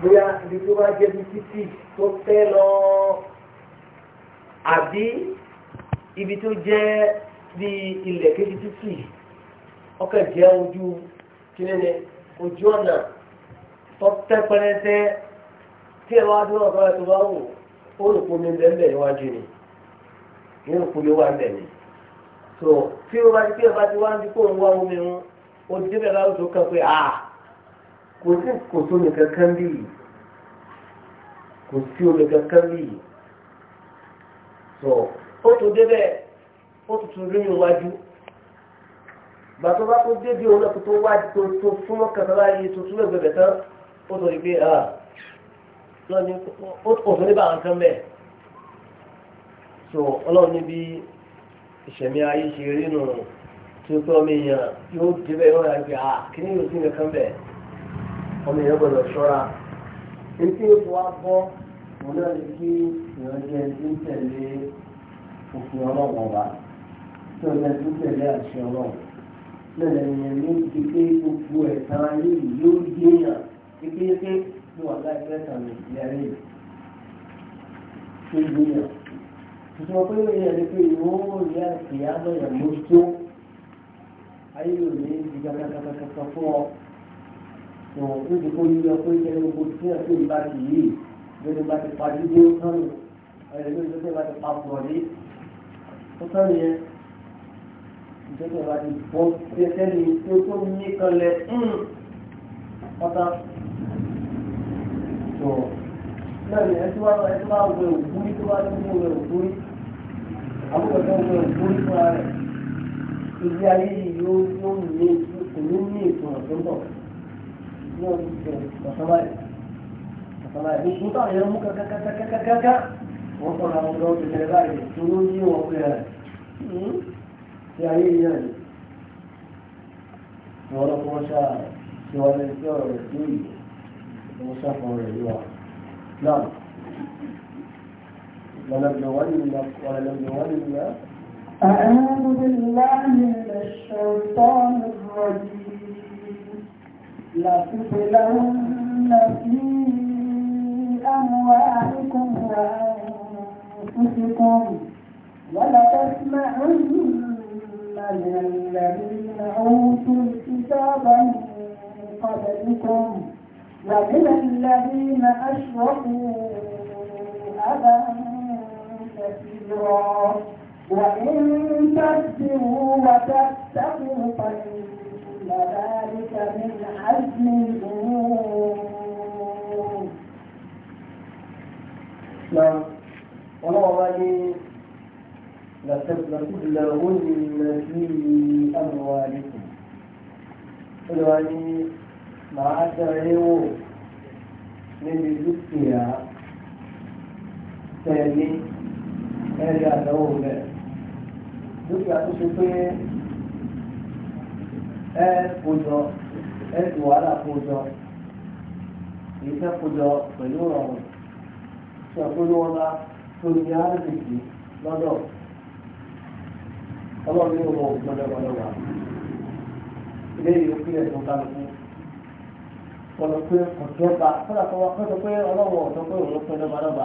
bóyá ibi tó bá jẹ́ bí títì tó tẹ́ lọ àbí ibi tó jẹ́ bí ilẹ̀ kejì títì ọkọ̀ jẹ́ ojú kílẹ̀ ojú ọ̀nà tó tẹ́ pẹrẹsẹ tí ẹ wá dúró ọ̀pẹ̀rẹ̀ tó bá wù ó rò pé omi bẹ́ẹ̀ bẹ́ẹ̀ níwájú ni ní rò pé omi wà bẹ́ẹ̀ ni so tí o bá tí o bá ti wá ń di kó o ń wá omi mu o ti débẹ̀ láwùjọ kan pé a kò sí kò sómi kankan bí yìí kò sí omi kankan bí yìí so ó tún débẹ̀ ó tún tún rí iwájú gbàtọ́ bá tó débi òun náà tó wájú tó tó fún mọ́kàtà láàyè tó tún lè gbẹ̀gbẹ̀ tán ó sọ pé a náà òfin níbà nǹkan bẹ́ẹ̀ so ọlọ́run níbi ìṣẹ̀mí ayé ṣe rí nù tí ó tọ́ mi yàn yóò débẹ̀ yóò rà gbé à kí ni yóò sí nǹkan bẹ́ẹ̀ ọmọ èèyàn gbọdọ̀ ṣọ́ra èyí ó fi wá bọ́ òun náà ní kí ìrànjẹ tí ń tẹ̀lé òfin ọlọ́run ọba tí ó yẹ tí ń tẹ̀lé àṣẹ ọlọ́run náà lẹ́yìn ní ti gbogbo ẹ̀ka ayé yìí yóò yéèyàn kékeré mo wà láì pẹ́ẹ́tà mi ìyá rẹ̀ tó gbéyà tuntun wọn pé ó yẹ ni pé ìwọ́n ò yá ìyá lọ́yà ló tó ayé ò ní ìgbà kàkàkàkà fún ọ tó ń dìbò yí ọ pé kẹ́lẹ́ gbogbo tí wọ́n ti bá ti yí lórí bá ti parí dé ó tán ẹ̀rẹ́ lórí lórí bá ti pa pọ̀ dé ó tán yẹn ìjọba ti bọ́ tẹ́tẹ́ ni tó tó ní kan lẹ̀ ń hmm, ọ̀tá tó náà ni ẹtí wá ẹtí wá wẹ òkú yìí tó wá ní mú wẹ òkú yìí àbúrò tó wẹ òkú yìí fúnra rẹ̀ ìdí ayé yìí yóò yóò ní kò ní ní ìtumọ̀ tó ń bọ̀ yóò ní kẹ ọ̀sánmá yìí ọ̀sánmá yìí gbogbo táwọn yẹn mú kákákákákáká wọ́n kọ́ làwọn ọ̀dọ́ ti tẹ̀lé báyìí tó ló yí wọn pé rẹ̀ ìdí ayé yìí náà ni wọ́n lọ fún ọ وشفر الجوع نعم ولنبلونك ولنبلونك أعوذ بالله من الشيطان الرجيم لتبلون في أموالكم وأنفسكم ولا تسمعن من الذين أوتوا الكتاب من قبلكم ومن الذين أشركوا أبا كثيرا وإن تكبروا وتتقوا فإن ذلك من عزم الأمور نعم ونرى لي لتبلغن غنم في أموالكم màá dẹ̀rẹ̀ níbi dúkìá tẹ̀lé ẹ̀rí àdánwò rẹ̀ dúkìá tó ṣe pé ẹ kójọ ẹ ti wàhálà kójọ èyí fẹ́ kójọ pẹ̀lú ìrọ̀rùn sọ pé tó ní àrùbìkì lọ́dọ̀ ọlọ́run yóò mọ òkú lọ́dọ̀ wà lọ́wọ́ ilé ẹ̀sùn kálukú sọ pé kò jẹ́ bá kọ́lá tó wá kọ́ sọ pé ọlọ́wọ́ sọ pé òun pẹ́ lọ́ba lọ́ba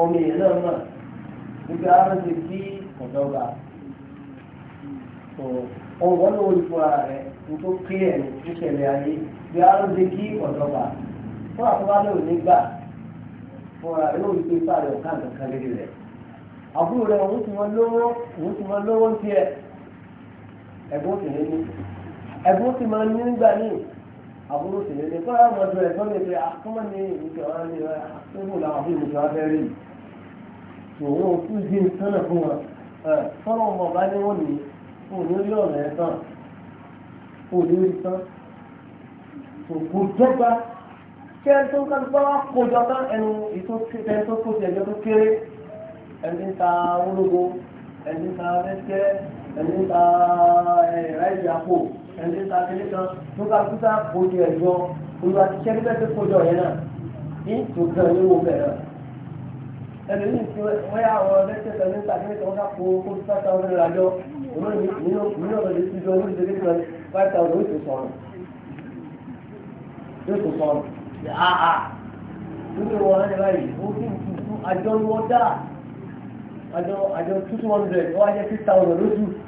ọmọ èèyàn náà náà níbi ara ti kí ọ̀dọ́gba ọwọ́ ló ń fura rẹ̀ tó kílẹ̀ níṣẹ̀lẹ̀ ayé bí ara ti kí ọ̀dọ́gba kọ́lá tó wá lóò nígbà fúnra rẹ̀ lóò gbé sáré ọ̀ká nǹkan lérí rẹ̀ àbúrò rẹ̀ òun ti mọ lówó òun ti mọ lówó ń tiẹ̀ ẹ̀gbọ́n ti ní ẹ̀gbọ́n ti mọ ní nígbà àbúrò tèmi ní kọ́ ẹ̀mọ́ ẹ̀kọ́ mi pé akọ́mọ́ ní ìjọ wọn ní ẹ̀kọ́ làwọn fún ìmùtò abẹ́rẹ́ yìí tó wọn ò tún di nǹkan fún wọn sọ́nà ọmọ ọba ní wọ́n ní òní rí ọ̀nà ẹ̀ tán òní rí tán tó kò dọ́gba kí ẹni tó ń ká gbọ́ kójọ tán ẹnu ìtò ẹni tó kójọ ẹjọ́ tó kéré ẹni ta ológo ẹni ta ẹsẹ̀ ẹni ta ẹ̀ráìdì ẹni tí ta kiri kan tó ká kúta kojú ẹ̀ jọ olùwà ti ṣẹ́ni bẹ́ẹ̀ tó kojú ọ̀yẹ́ náà ní tó gan ní wo bẹ̀rẹ̀ ẹni ní ti wọ́n yà wọ lẹ́sẹ̀ kan ní ta kiri kan wọ́n ká kó kó tó sáta ọ̀rẹ́ rẹ̀ àjọ òun ní nínú nínú ọ̀rẹ́ lè ti jọ olú ìdílé kan five thousand ó ti sọ̀rọ̀ ó ti sọ̀rọ̀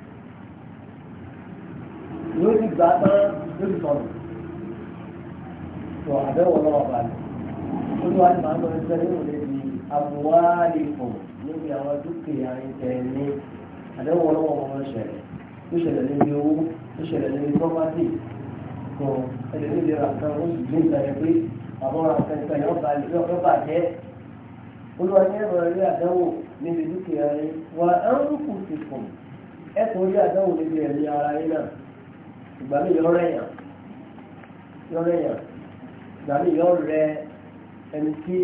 yóò ti gbà tán yóò ti sọnù tó àbẹ̀wò lọ́wọ́ balẹ̀ olúwa ni màá lọ ẹgbẹ́ nínú rẹ̀ di àbúwárí fún níbi àwọn dúkìá ìtẹ̀ ní àbẹ̀wò lọ́wọ́ ọmọ ṣẹlẹ̀ tó ṣẹlẹ̀ níbi owó tó ṣẹlẹ̀ níbi pọ́pátì tó ẹ̀lẹ́ níbi ra kan ó sì gbé ìtàlẹ̀ pé àwọn ra kan ìtàn yóò bá ilé ọ̀rọ̀ bàjẹ́ olúwa ni ẹ̀rọ rí àdánwò níbi dúkìá yẹn wà á ń kù sí fún ẹ̀kọ́ rí àdánwò níbi ẹ̀mí ara yẹn náà ìgbà mi yọ rẹ̀ yàn yọ rẹ̀ yàn ìgbà mi yọ rẹ̀ ẹni tí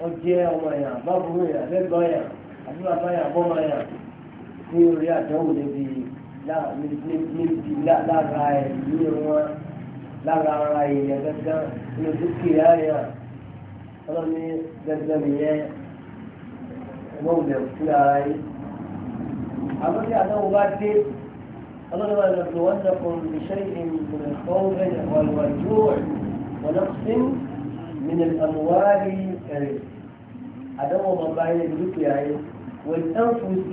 ó jẹ́ ọmọ yàn báburú yàn lẹ́gbọ́n yàn àdúrà bá yàn bọ́mọ yàn ní orí àdánwò níbi lára ẹ̀mí wọn lára ara èèyàn gẹ́gẹ́ ní dúkìá yàn wọ́n ní gẹ́gẹ́ nìyẹn wọ́n wulẹ̀ fúnra yìí. àbúrò àdánwò bá dé. أظن أن نبلونكم بشيء من الخوف والجوع ونقص من الأموال أدوى مباين بالكياي والأنفس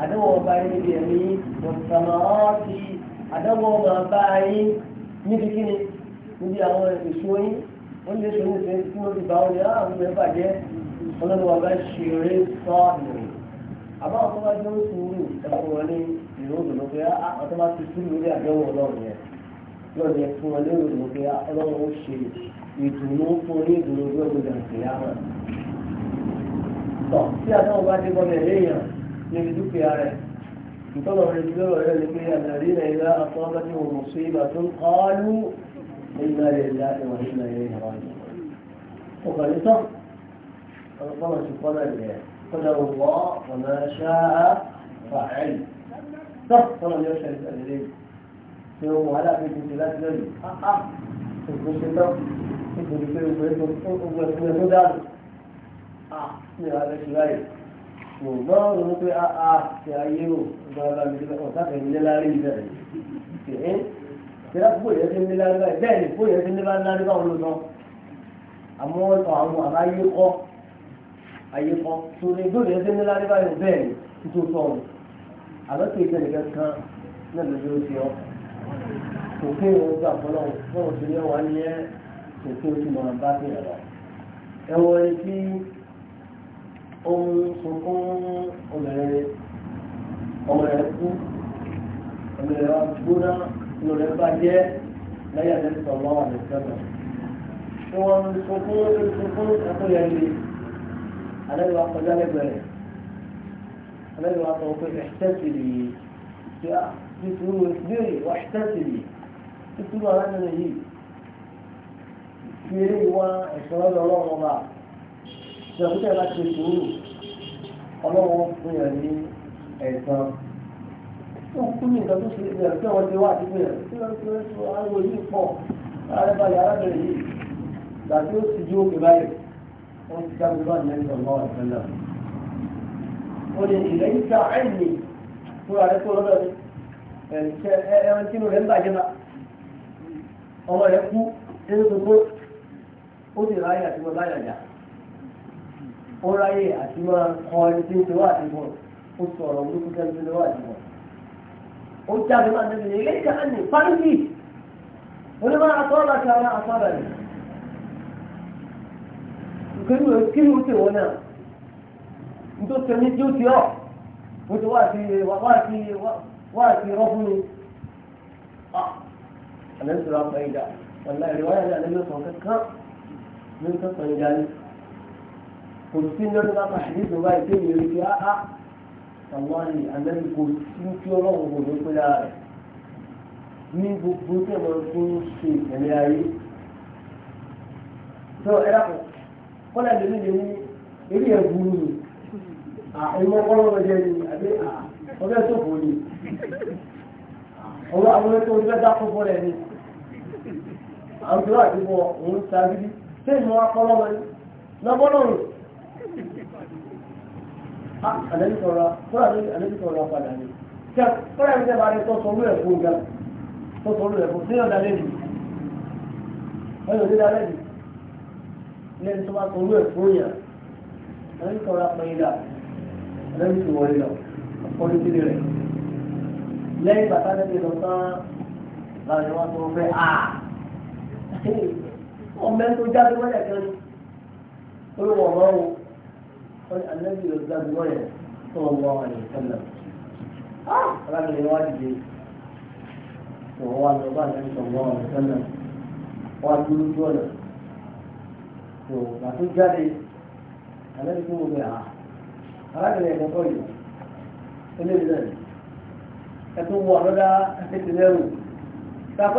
أدوى مباين باليمين والثمرات أدوى مباين نبكني níbi àwọn èso yín ó lè ṣe oúnjẹ tí wọ́n ti bá wọn ní àwọn ọmọ ẹ̀fà jẹ́ ọlọ́dún تقولين yóò dùn pé àwọn tó bá ti kú lórí àdéhùn ọlọ́run yẹn lọ́ọ̀dì ẹ̀ fún wọn lérò dùn pé ọlọ́run ó ṣe ìdùnnú fún ní ìdùnnú bí ó gbọdọ̀ ìyá wọn. tọ̀ tí àdáwọ̀ bá dé bọ́lẹ̀ léèyàn níbi dúkìá rẹ̀ ìtọ́lọ̀ rẹ̀ ti lọ́rọ̀ rẹ̀ ni pé àdàrí rẹ̀ ilá àtọ́lọ́ tí wọn sọ ibà tó ń kọ́ọ́lù nígbà rẹ̀ ilá ìwà nígbà rẹ̀ ìwà rẹ̀. ọ̀gbọ̀n ní tán ọ̀rọ̀ fọ́nà ti fọ́nà rẹ̀ kọ́dà wọ́n wọ́n ṣáà fàáyì. tọ́ tọ́lọ̀ ní ọ̀ṣẹ̀ ìṣẹ̀lẹ̀ lẹ́yìn tí ó wàhálà fi ti ṣe láti lẹ́yìn áá òkú ṣe tọ́ nítorí pé gbogbo ẹ̀kún ẹ̀kún dáàbò á ní ìwà rẹ̀ ṣe láyè mo gbọ́ ronú pé áá ti ayé o ìgbà ọ̀la mi ti lọ́kọ̀ sáfẹ̀ ní lárí ìbẹ̀rẹ̀ ṣèyí ṣèyí bóyá ti ní lárí báyìí bẹ́ẹ̀ ni bóyá ti ní lárí báwọn ló sọ àmọ́ àwọn àbáyé kọ́ àyè kan tó ní gbọ́dọ̀ ti ní lárí báyìí bẹ́ẹ̀ ni nítorí ọ̀hún àmọ́ kì kan náà lójú ti ọ́ òfin ìwọ̀n gbà fọlọ́ fọlọ́ sí ilé wa ní ẹ́ òfin oṣù mọ̀ bá fi hàn wá. ẹ tí ohun sunkún obìnrin ọmọ kú ọmọ rẹ̀ gbóná ọmọ rẹ̀ bá jẹ́ lẹ́yìn àtẹ́sí ọmọ wà ní sẹ́nà. tí wọ́n sunkún sunkún yẹn ni alẹ́ wa kọjá lẹ́gbẹ̀ẹ́ النبي عليه الصلاة والسلام احتسلي بتقول اصبري واحتسلي بتقول أنا نهي اصبري وإصرار الله وما ṣàkóso ẹ̀ láti sùúrù ọlọ́wọ́ fún yẹn ní ẹ̀sán tó kú ní nǹkan tó ṣe ìgbà tí wọ́n ti wá àdúgbò yẹn tí wọ́n ti sọ ariwo yìí pọ̀ arábàlẹ̀ arábìnrin yìí gbà tí ó sì ju òkè báyìí wọ́n ti dábòbá ní ẹ̀sán lọ́wọ́ ìfẹ́ náà wọ́n lè lè fún ààrẹ tó lọ́dọ̀ ní ẹ̀ṣẹ́ ẹran tí inú rẹ̀ ń bàjẹ́ náà ọmọ rẹ̀ kú nínú gbogbo ó sì ráyè àti wọn láyà jà ó ráyè àti wọn kọ ẹni tí ń ṣe wá àti wọn ó sọ̀rọ̀ olókùn tẹ́lẹ̀ tí ń ṣe wá àti wọn ó jáde máa ń tẹ́lẹ̀ ilé ìjà ẹ̀mí pálífì onímọ̀ àtọ́ láti ara àtọ́ rẹ̀ kí ni ó ti wọ́n náà nítorí tẹ̀mí tí ó ti ọ̀ mo ti wá sí wá sí wá sí rọ́fún mi. àlẹ́ sọ̀rọ̀ àpá ìdá ọ̀la ìrẹ̀wá yẹn àlẹ́ yóò sàn kankan ní kankan ìdá ni kò sí lọ́dún bá pa àdéhùn báyìí tó yẹ kí á á àwọn àlè àlẹ́ kò sí tí ọlọ́run kò ní pé lára rẹ̀ ní gbogbo tẹ̀ mọ́ tó ń ṣe ìtẹ̀lé ayé tó ẹ̀rọ kọ́lá ìdílé ni eré ẹ̀ burú ni ìmọ̀ kọ́lọ́rọ̀ jẹ́ ni àbí ọbẹ̀ sọ̀fọ̀ ni ọwọ́ àwọn ẹgbẹ́ orí bẹ́ẹ̀ dákọ̀ fọ́ ni àwọn tó àti bọ̀ òun ṣàgídí ṣé ìmọ̀ akọ́lọ́rọ̀ ni lọ́gbọ́lọ́rùn àlẹ́bí sọ̀rọ̀ fúnra mi àlẹ́bí sọ̀rọ̀ apàdà ni kí fúnra mi sẹ́ba rẹ̀ tọ́sọ̀ olú ẹ̀fọ́ ga tọ́sọ̀ olú ẹ̀fọ́ sí ọ̀dà lẹ́bi ẹ̀yọ̀ dídá lẹ́bi lẹ́ni tó bá sọ olú ẹ̀fọ́ yẹn àlẹ́bí sọ̀rọ̀ apàdà lẹ́yìn tí wọ́n lọ ọdún tí rẹ̀ lẹ́yìn bàtà lẹ́yìn lọ tán láàrin wọn tó fẹ́ à ọmọ tó jáde wọ́lẹ̀ kan ó lọ wọ̀ lọ́wọ́ wọ́n ní alẹ́ bí lọ jáde wọ́lẹ̀ tó wọ́n wọ́n wọ́n yẹn sẹ́lẹ̀ aláàbẹ̀rẹ̀ wá dìde tó wọ́n wá lọ bá àlẹ́ tó wọ́n wọ́n sẹ́lẹ̀ wọ́n á dúró jọ́lẹ̀ tó bàtú jáde alẹ́ bí wọ́n à arábìnrin ẹ̀kọ́ ní bẹ̀rẹ̀ eléyìí ní bọ́ọ̀ bí arábìnrin kan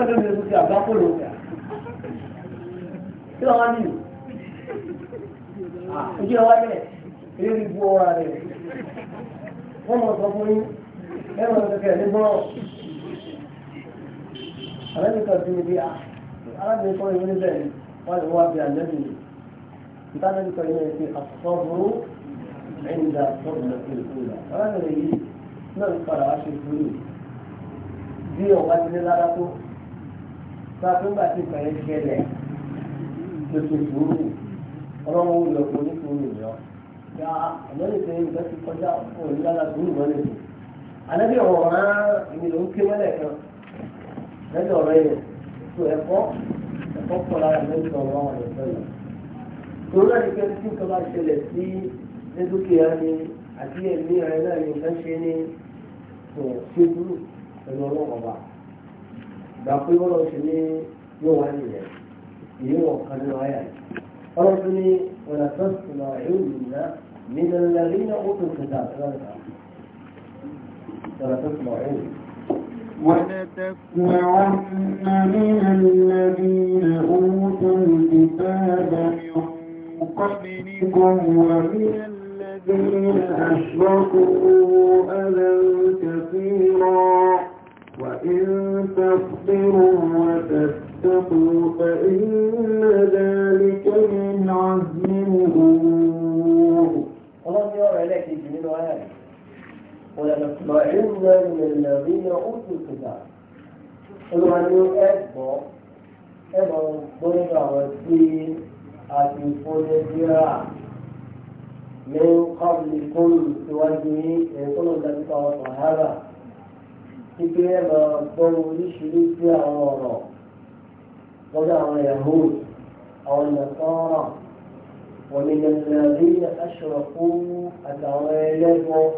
yìí ní bẹ̀rẹ̀ wọ́n عند الصدمة الأولى هذا يجي من قرأش الفلوس bí ọba ti ní lára tó tá a tó bá ti fẹ̀rẹ̀ ṣẹlẹ̀ tètè sùúrù ọlọ́run ò lọ kó ní sùúrù lọ. Yà àlọ́lẹ̀ tẹ̀lé ìgbà ti kọjá òun ní lára sùúrù mọ́lẹ̀ tó. Àlẹ́bí ọ̀rọ̀ rán èmi ló ń ké mọ́lẹ̀ kan. Lẹ́bí ọ̀rọ̀ yẹn tó ẹ̀kọ́ ẹ̀kọ́ kọ̀ lára lẹ́yìn ọ̀rọ̀ àwọn ọ̀rẹ́ sọ̀rọ̀. Tòun náà ni kẹ́ni tí nǹkan bá ṣẹlẹ̀ sí ذكي يعني عتي أمي على ينفشني وسيبو فنورو أبا دعوي ولا شني يواني يعني يو خلنا عيال أرضني ولا تصنع عيوننا من الذين أوتوا الكتاب ولا تصنع عيون ولتسمعن من الذين أوتوا الكتاب من قبلكم ومن الذين أشركوا ألا كثيرا وإن تصبروا وتتقوا فإن ذلك من عزم الأمور الله يرى لك جميل آيات ولنسمعن من الذين أوتوا الكتاب Olúwa ni ẹ̀gbọ́ ẹ̀gbọ́n gbọ́dọ̀ àwọn tí a ti من قبلكم سواه يقول ذلك الصحابة كبير قول شريك عمر وضع يهود أو النصارى ومن الذين أشركوا أتوالدوا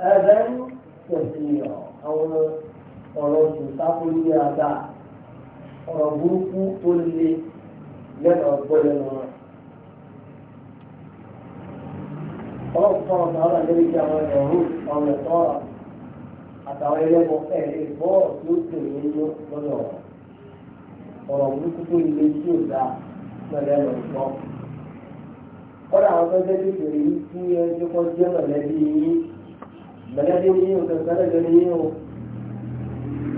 أذى كثيرا أو ọ̀rọ̀ ìsáfù ní àdá ọ̀rọ̀ burúkú tó le lẹ́nu ọlọ́run sọ̀rọ̀ sọ̀rọ̀ lórí ti àwọn ẹ̀rú àwọn ẹ̀tọ́ra àtàwọn ẹlẹ́bọ ẹ̀rí bọ́ọ̀ tí ó tò ní lọ́dọ̀ ọ̀rọ̀ burúkú tó ilé tí ò dáa lọ́dẹ̀ lọ sọ. kọ́dà àwọn tó ń tẹ́lẹ̀ ìbèrè yìí tí ẹ ti kọ́ jẹ́ mọ̀lẹ́bí yìí mọ̀lẹ́bí yìí ò kẹ̀kẹ́ lẹ́gbẹ̀ẹ́ ní yìí o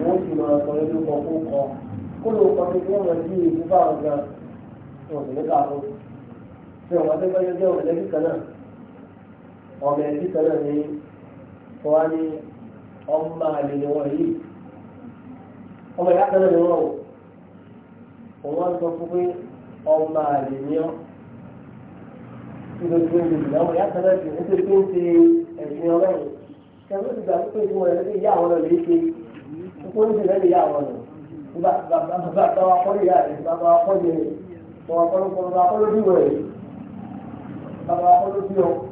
wọ́n sì máa sọ lójú kọ kó kọ kó ló kọ́ sí fún ọmọ tí ìfúnpá ọ̀gá ọ̀sẹ̀ nípa àbọ̀ tí ọmọ tó bá yẹ ọmọ ẹbí kan náà ní wọ́n ní ọmọ àlè ni wọ́n yìí ọmọ ìyá kan náà ni wọ́n o òun wá sọ fún pé ọmọ àlè ni ọ́ kí ló dé ní ìlú ọmọ ìyá kan náà sì ń pè pé ń ṣe ẹ̀sìn ọlọ́run kẹrin ló ti gbà pé ìtumọ̀ rẹ̀ lè yá àwọn ọ̀nà lè ṣe ó ní ìṣẹ̀lẹ̀ lè yá àwọn ọ̀nà bàbá wa kọ́ lè yá rẹ̀ bàbá wa kọ́ lè bàbá wa kọ́ ló bí wọ̀ rẹ̀ bàbá wa kọ́ ló bí ọ.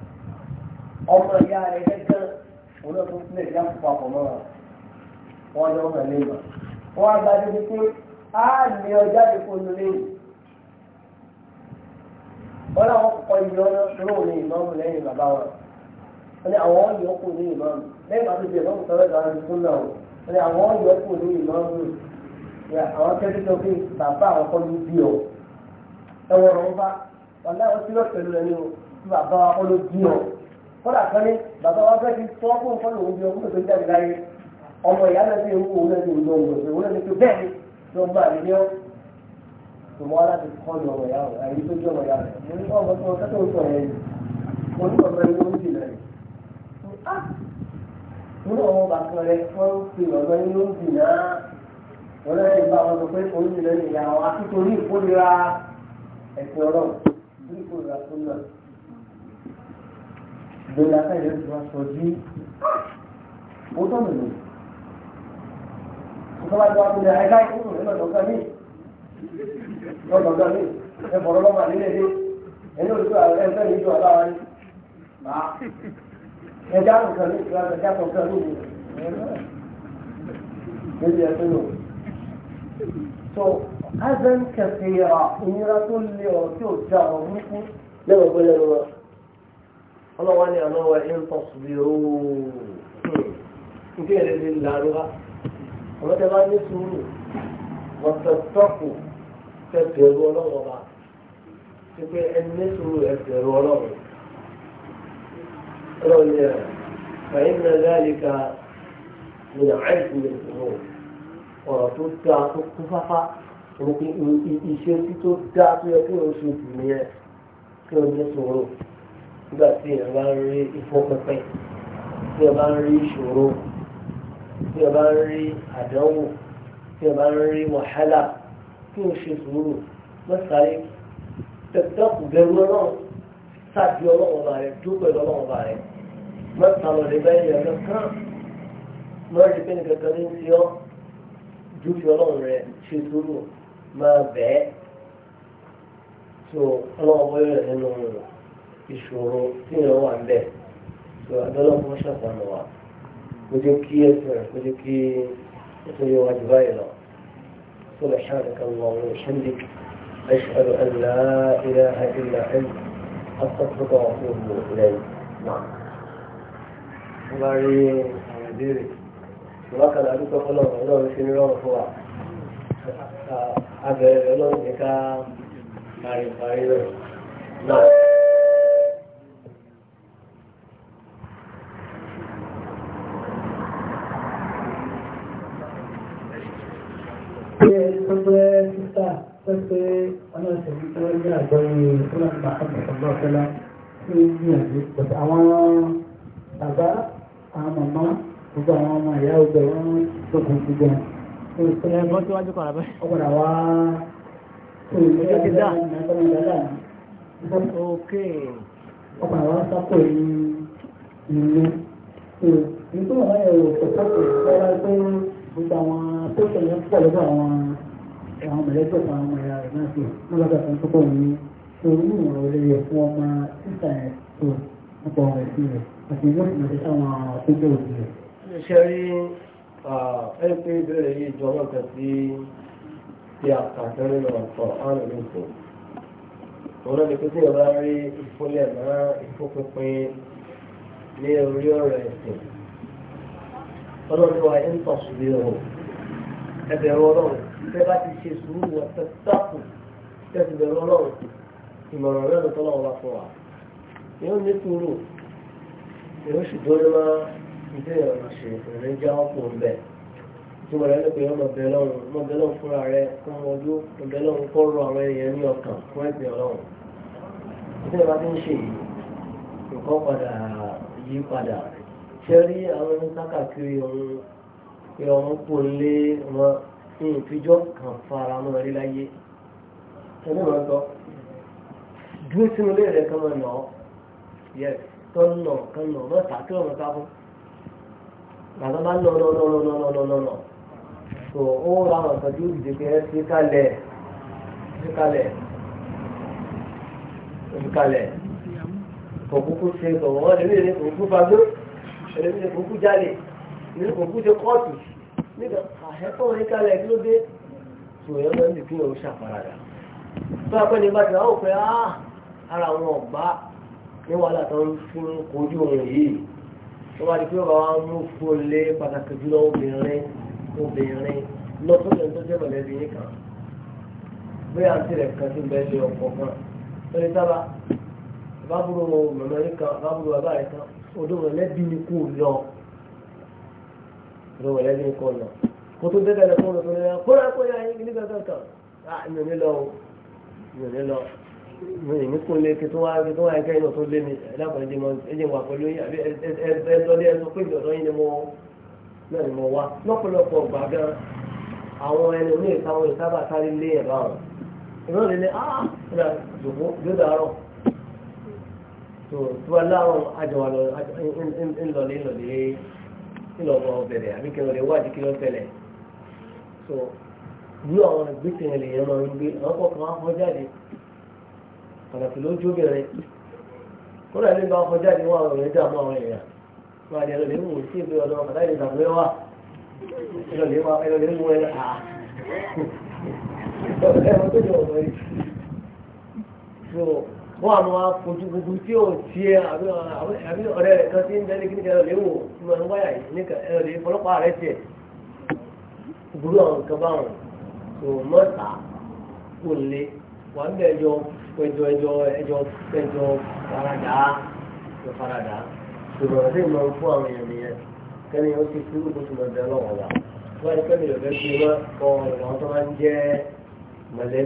ọmọ ìyá rẹ̀ gẹ́gẹ́ òun náà tó sílẹ̀ ìyá fún papọ̀ mọ́ra wọn yọ ọmọ ilé ìgbà wọn á gba débi pé á lè ọjà lè fún olórí ìlú wọn làwọn kọ ìyọ lóhùn ní ìmọ̀ọ́mù lẹ́yìn bàbá wọn wọn ni àwọn ọ̀yọ́ kù ní ìmọ̀ọ́mù lẹ́yìn bàbá ìjẹ́ ìmọ̀ọ́mù sọ̀rọ̀ ìgbà wọn tún náà wọn ni àwọn ọ̀yọ́ kù ní ìmọ̀ọ́mù àwọn kẹ́kẹ́ pé bàbá àwọn kọ́ ló bí ọ ẹ̀wọ̀n ọ̀rọ̀ wọn bá wọn láwọn sílọ̀ pẹ̀lú rẹ̀ ní o kọ́dà kan ní bàbá wa fẹ́ fi tọ́ fún nǹkan lòun bí ọkùnrin tó ń jáde láyé ọmọ ìyá náà fi ewu òun náà ní òun òun òun náà ní tó bẹ́ẹ̀ ni tó ń bá mi ní ọ́ tó mọ́ láti kọ́ lu ọmọ ìyá rẹ̀ àyè tó jẹ́ ọmọ ìyá rẹ̀ mo ní ọmọ tó ọ̀sẹ̀ tó ń sọ yẹn mo ní ọmọ ẹni tó ń jìnà rẹ̀ ah! mo ní ọmọ bàtà rẹ̀ tó ń fi ọ̀dọ́ ẹni ló ń jìnà wọn náà bá wọn sọ pé òun jìnà ní ìyá àti torí ìkórira ẹ̀sìn ọlọ́run torí ìkórira tó náà ìgbéra káyọ̀ yóò ti wá sọ jí ó tọ́ mi lò ìtọ́ bá ti wá sílẹ̀ ẹ̀ka ìkúrò nínú ọ̀dọ́gá mi ọ̀dọ́gá mi ẹ bọ̀rọ̀ lọ́mọ àlélẹ́ dé ẹni olùkọ́ ẹgbẹ́ mi ju ọ̀dọ́ ara yìí bá ẹja nǹkan mi ìtura ẹja tó nǹkan mi wò ẹ̀ẹ́dẹ́gbẹ̀ẹ́ ẹ̀ẹ́dẹ́gbẹ̀ẹ́ tó so azẹ́ńkẹ̀fẹ̀ ìnira tó lé ọ tí ò já ọ nípú lẹ́wọ̀n gbẹ́lẹ́wọ̀n ọlọ́wọ́ ni ọ̀nà wẹ̀ ń tọ̀ sí ooo nítorí ẹ̀rẹ́ lè lárúbá ọmọ tẹ bá ní sùúrù wọ́n tẹ tọ́kù tẹ bẹ̀rù ọlọ́wọ́ bá ti pé ẹni ní sùúrù ẹ bẹ̀rù ọlọ́wọ́ ọlọ́wọ́ ni ẹ̀ fẹ̀yìn náà láàyè ká ní àìsí ní sùúrù ọ̀rọ̀ tó dáa tó kú fáfá ìṣesí tó dáa tó yẹ kí o ṣe jù nìyẹn kí o ní sùúrù nígbà tí èèyàn bá ń rí ìfọkànpẹ́ tí èèyàn bá ń rí ìṣòro tí èèyàn bá ń rí àdánwò tí èèyàn bá ń rí wàhálà tí ó ṣe sùúrù mọ́sàárì tẹ̀tẹ́kù bẹ̀rù ọlọ́run sáàdì ọlọ́run ọba rẹ̀ tó pẹ̀lú ọlọ́run ọba rẹ̀ mọ́sàárì rẹ̀ bá yẹ kankan mọ́ pé nìkan kan ní ti ọ́ ju fi ọlọ́run rẹ̀ ṣe sùúrù máa bẹ́ẹ̀ tó ọlọ́run ọba ìṣòro tí ìyẹn wà ń bẹ̀ tó àdọ́lọ́ fún ṣàfàánù wa kó jẹ́ kí ẹsẹ̀ rẹ̀ kó jẹ́ kí ẹsẹ̀ yóò wájú báyìí lọ tó lè ṣàrẹ̀kà wọn wọn ṣẹ́ndì أشهد أن لا إله إلا أنت أستغفرك وأتوب إليك نعم láàrin àwọn ìbéèrè ìwákàlà àdúgbò fọlọ́run ọlọ́run ṣe ní rọrùn fún wa abẹ̀rẹ̀ ọlọ́run ní ká parí parí rẹ̀ náà ẹ̀sẹ̀ tí wọ́n jẹ́ àgbọ́yé fúlàǹgbà àbùsọ̀lọ́ ọ̀fẹ́lá tí ó gbìyànjú pẹ̀lú àwọn bàbá àwọn màmá gbogbo àwọn ọmọ ìyá ọgbẹ wọn lókun ti gan. ẹ̀rọ tí wájú kan àbẹ́. ọ̀pọ̀lọpọ̀ wá tó ìlú ẹgbẹ́ ìdáná ọ̀pọ̀lọpọ̀ wá sápò ìlú tó tẹ̀lé pọ̀ lọ́dọ̀ náà sí wọ́n lọ́dọ̀ fún púpọ̀ ní orú ìwọ̀n olóyè fún ọmọ sísà ẹ̀ tó nípa ọmọ ẹ̀sìn rẹ̀ àti ìlú ìmọ̀lẹ́ sáwọn tó jẹ́ òbí rẹ̀. ṣe rí ẹni pé ìbéèrè yìí jọ náà kan sí ti àkàtà nínú ọ̀tọ̀ àrùn lóko òun náà ni pé tí ìyọba rí ìfúnlẹ̀ mọ́ ìfúnpinpin ní orí ọ̀rọ̀ ẹ̀sìn ọlọ́run wa ń tọ̀sùn bí ọ̀rọ̀ ìfẹ́ bá ti ṣe sùúrù wọ̀ tẹ́tàkù tẹ́tù bẹ̀rù ọlọ́run ìmọ̀ràn rẹ̀ lọ́tọ́ lọ́wọ́ wa fún wa. èèyàn ní sùúrù èèyàn sì dúró lọ́wọ́ ìdí ìrànà ṣe ìrìn jẹ́ ọ̀pọ̀ ńbẹ. ìtumọ̀ rẹ̀ lópe ọmọ bẹ lọ́run ọmọ bẹ lọ́run fúnra rẹ̀ kọ́ ọmọ ọdún ọmọ bẹ lọ́run kọ́ rọ àwọn èèyàn ní ọkàn fún ẹ̀sìn ọlọ́run. ìdí ìrànà ti ń ṣe yìí padà yí padà ṣe rí àwọn oníkàkàkiri ọ̀run pé ọmọ pò lé wọn ìfijọ́ kan fara mọ́ rí láyé ẹni máa ń sọ dúró sínú ilé rẹ̀ kan máa nà ọ́ yẹ kan nà kan nà mọ́ tà kí ọmọ sáfún bàbá bá nà nà nà nà nà nà nà nà tó ó ra àwọn nǹkan tí ó dìde pé ẹ fi kalẹ̀ fi kalẹ̀ fi kalẹ̀ kò kúkú ṣe kò wọ́n lè ní ìrìn kúkú fagbó lè ní ìrìn kúkú jalè lè kúkú ṣe kóòtù nígbà àhẹ́fọ́ orí kalẹ̀ kí ló dé tó yẹ lọ níbi kí ló ṣàfaradà tó a pẹ́ ní bá ti rà ó pé á ara àwọn ọ̀gbá ní wàhálà tó ń fún kojú òun yìí tó bá di pé bàbá mú fún lé pàtàkì jùlọ obìnrin obìnrin lọ́sọ̀tẹ̀ tó jẹ́ mọ̀lẹ́bí yìí kan bí a ti rẹ̀ kan sí bẹ́ẹ̀ lé ọkọ̀ kan lórí sábà bàbá búrò mọ̀mọ́ yìí kan bàbá búrò bàbá yìí kan odò mọ̀lẹ́bí ni kò lọ ló wọlé ní nǹkan ọ̀nà kó tó dé bẹ̀rẹ̀ fún ọ̀nà kóra kóra yín ní kankan kan ah mi ò ní lọ mi ò ní lọ mi ò ní kó lé kí tó wá kí tó wá ẹ̀ka iná tó lé mi ẹ̀dá kan ẹ̀jẹ̀ mọ ẹ̀jẹ̀ wà pẹ̀lú yín àbí ẹ̀ẹ́dọ́ ní ẹ̀sọ́ pé ìdọ̀dọ̀ yín ni mo náà ni mo wá lọ́pọ̀lọpọ̀ gbà gan àwọn ẹni oní ìtawọ̀ ìsábà sáré lé ẹ̀ bá wọn ìrọ̀ lé ní ah ìrà ah, jòkó yóò dàárọ̀ kí lọ bọ bẹ̀rẹ̀ àbí kí lọ lè wádìí kí so bí àwọn ìgbésẹ̀ yẹn máa ń gbé àwọn kọ̀ọ̀kan wọn fọ́ jáde pàtàkì lójú bẹ̀rẹ̀ kódà ní bá fọ́ jáde wọn àwọn èèyàn dààmú àwọn èèyàn wọn àdìyẹ lọ lè mú sí ìgbé ọ̀dọ́ ọ̀kadà ìlẹ̀ ìdàgbé wa ẹlọ lè mú ẹ à ẹ̀rọ tó jọ ọ̀dọ́ yìí wọ́n àmọ́ afojú gbogbo tí ò tí ẹ àbí ọ̀rẹ́ rẹ̀ kan tí ń dẹ́lé kíníkà ẹ̀rọ léwò tí wọ́n ń wáyà yìí níkà ẹ̀rọ lè fọlọ́pàá rẹ̀ tiẹ̀ gbúrú àwọn nǹkan báwọn kò mọ́ta kò lè wà ń bẹ̀ ẹjọ́ ẹjọ́ ẹjọ́ ẹjọ́ ẹjọ́ faradà ẹjọ́ faradà ṣùgbọ́n ọ̀sẹ̀ ìmọ̀ fún àwọn èèyàn nìyẹn kẹ́ni ó ti fi gbogbo tó mọ̀ bẹ́ẹ̀ lọ́wọ́ wa wọ́n ní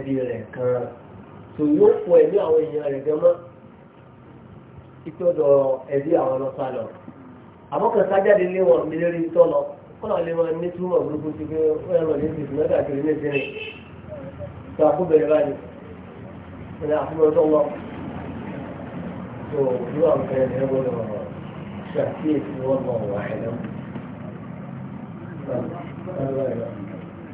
kẹ́ni ò tó yóò pọ ẹ̀mí àwọn èèyàn rẹ̀ gan mọ́ ìtọ́jọ ẹbí àwọn ọlọ́pàá lọ àmọ́ kan sájáde lé wọn mi lórí tọ́ lọ kọ́ náà lé wọn ní túmọ̀ burúkú ti pé ó yẹ wọn lè fi ìfúnná káàkiri ní ìsinmi tó àkóbẹ̀rẹ̀ báyìí ní àfihàn tó lọ tó irú àwọn kẹrẹ ní ẹgbẹ́ lọ ṣàkíyèsí wọn lọ wà ẹ̀ lọ.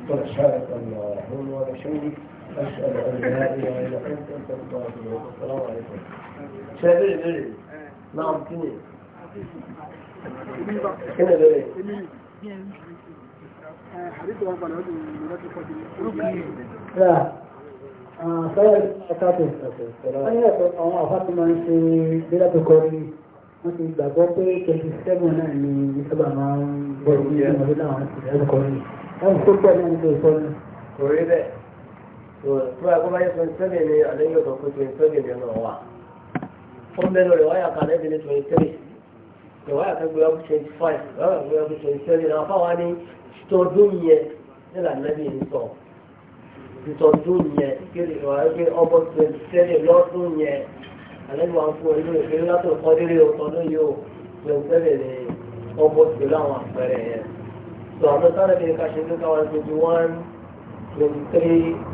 سبحانك اللهم وبحمدك أشهد أن لا إله إلا أنت أستغفرك السلام عليكم شابير بيري نعم كني كني بيري حديث وقال هذا مرات القديم لا sọ́yẹ́ ẹ̀kàtẹ̀ ẹ̀yẹ́ àwọn àfáàtìmọ̀ ń ṣe bílẹ̀tù kọrí wọ́n ti gbàgbọ́ pé 27 náà ni ìṣẹ́bà máa ń bọ̀ ní ọdún láwọn ìṣẹ́bà kọrí ẹ̀rùn tó pẹ̀lú ìṣẹ́bà kọrí tó ẹ̀kọ́ bá yẹ twenty seven ni àlẹ́yìn ọ̀dọ̀ pé twenty seven yẹn náà wà ó mẹ́nu rẹ̀ wáyà kan lẹ́bi ní twenty three rẹ̀ kan gbé wá bí twenty five rẹ̀ wáyà kan gbé wá bí twenty seven àwọn fáwọn á ní tọdún yẹn nílà nẹ́bí ń sọ ìtọ́jú yẹn kiri ìwà ẹgbẹ́ ọmọ wa ń fún ẹlú ìpínlẹ̀ látò kọ́dírí ọ̀tọ́dún yìí ó twenty seven ní ọmọ tìlú àwọn àpẹẹrẹ yẹn. sọ àwọn sáré bíi ká ṣe ní káwọn twenty one twenty three.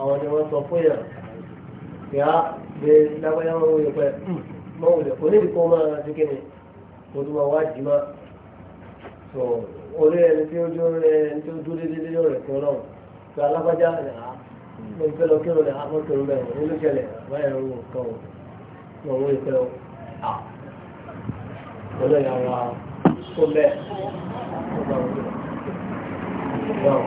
àwọn ni wọ́n sọ fún yàn kí á ah, gbé lágbáyà wọn wọlé pẹ́ mọ́ hmm, wọlé kò ní máa ti kéde kó tó máa wá jì má tó orí ẹni tí ó dúró ẹni tí ó dúró déédéé lórí ẹ̀kọ́ náà tó alágbájá ẹ̀ ah, á mo fẹ́ lọ kí lóde àwọn kẹrù bẹ́ẹ̀ wọ́n ló ṣẹlẹ̀ báyà ló wọ̀ kọ́ wọn wọ́n ìfẹ́ o à wọ́n kó bẹ́ẹ̀ wọ́n bá wọ́n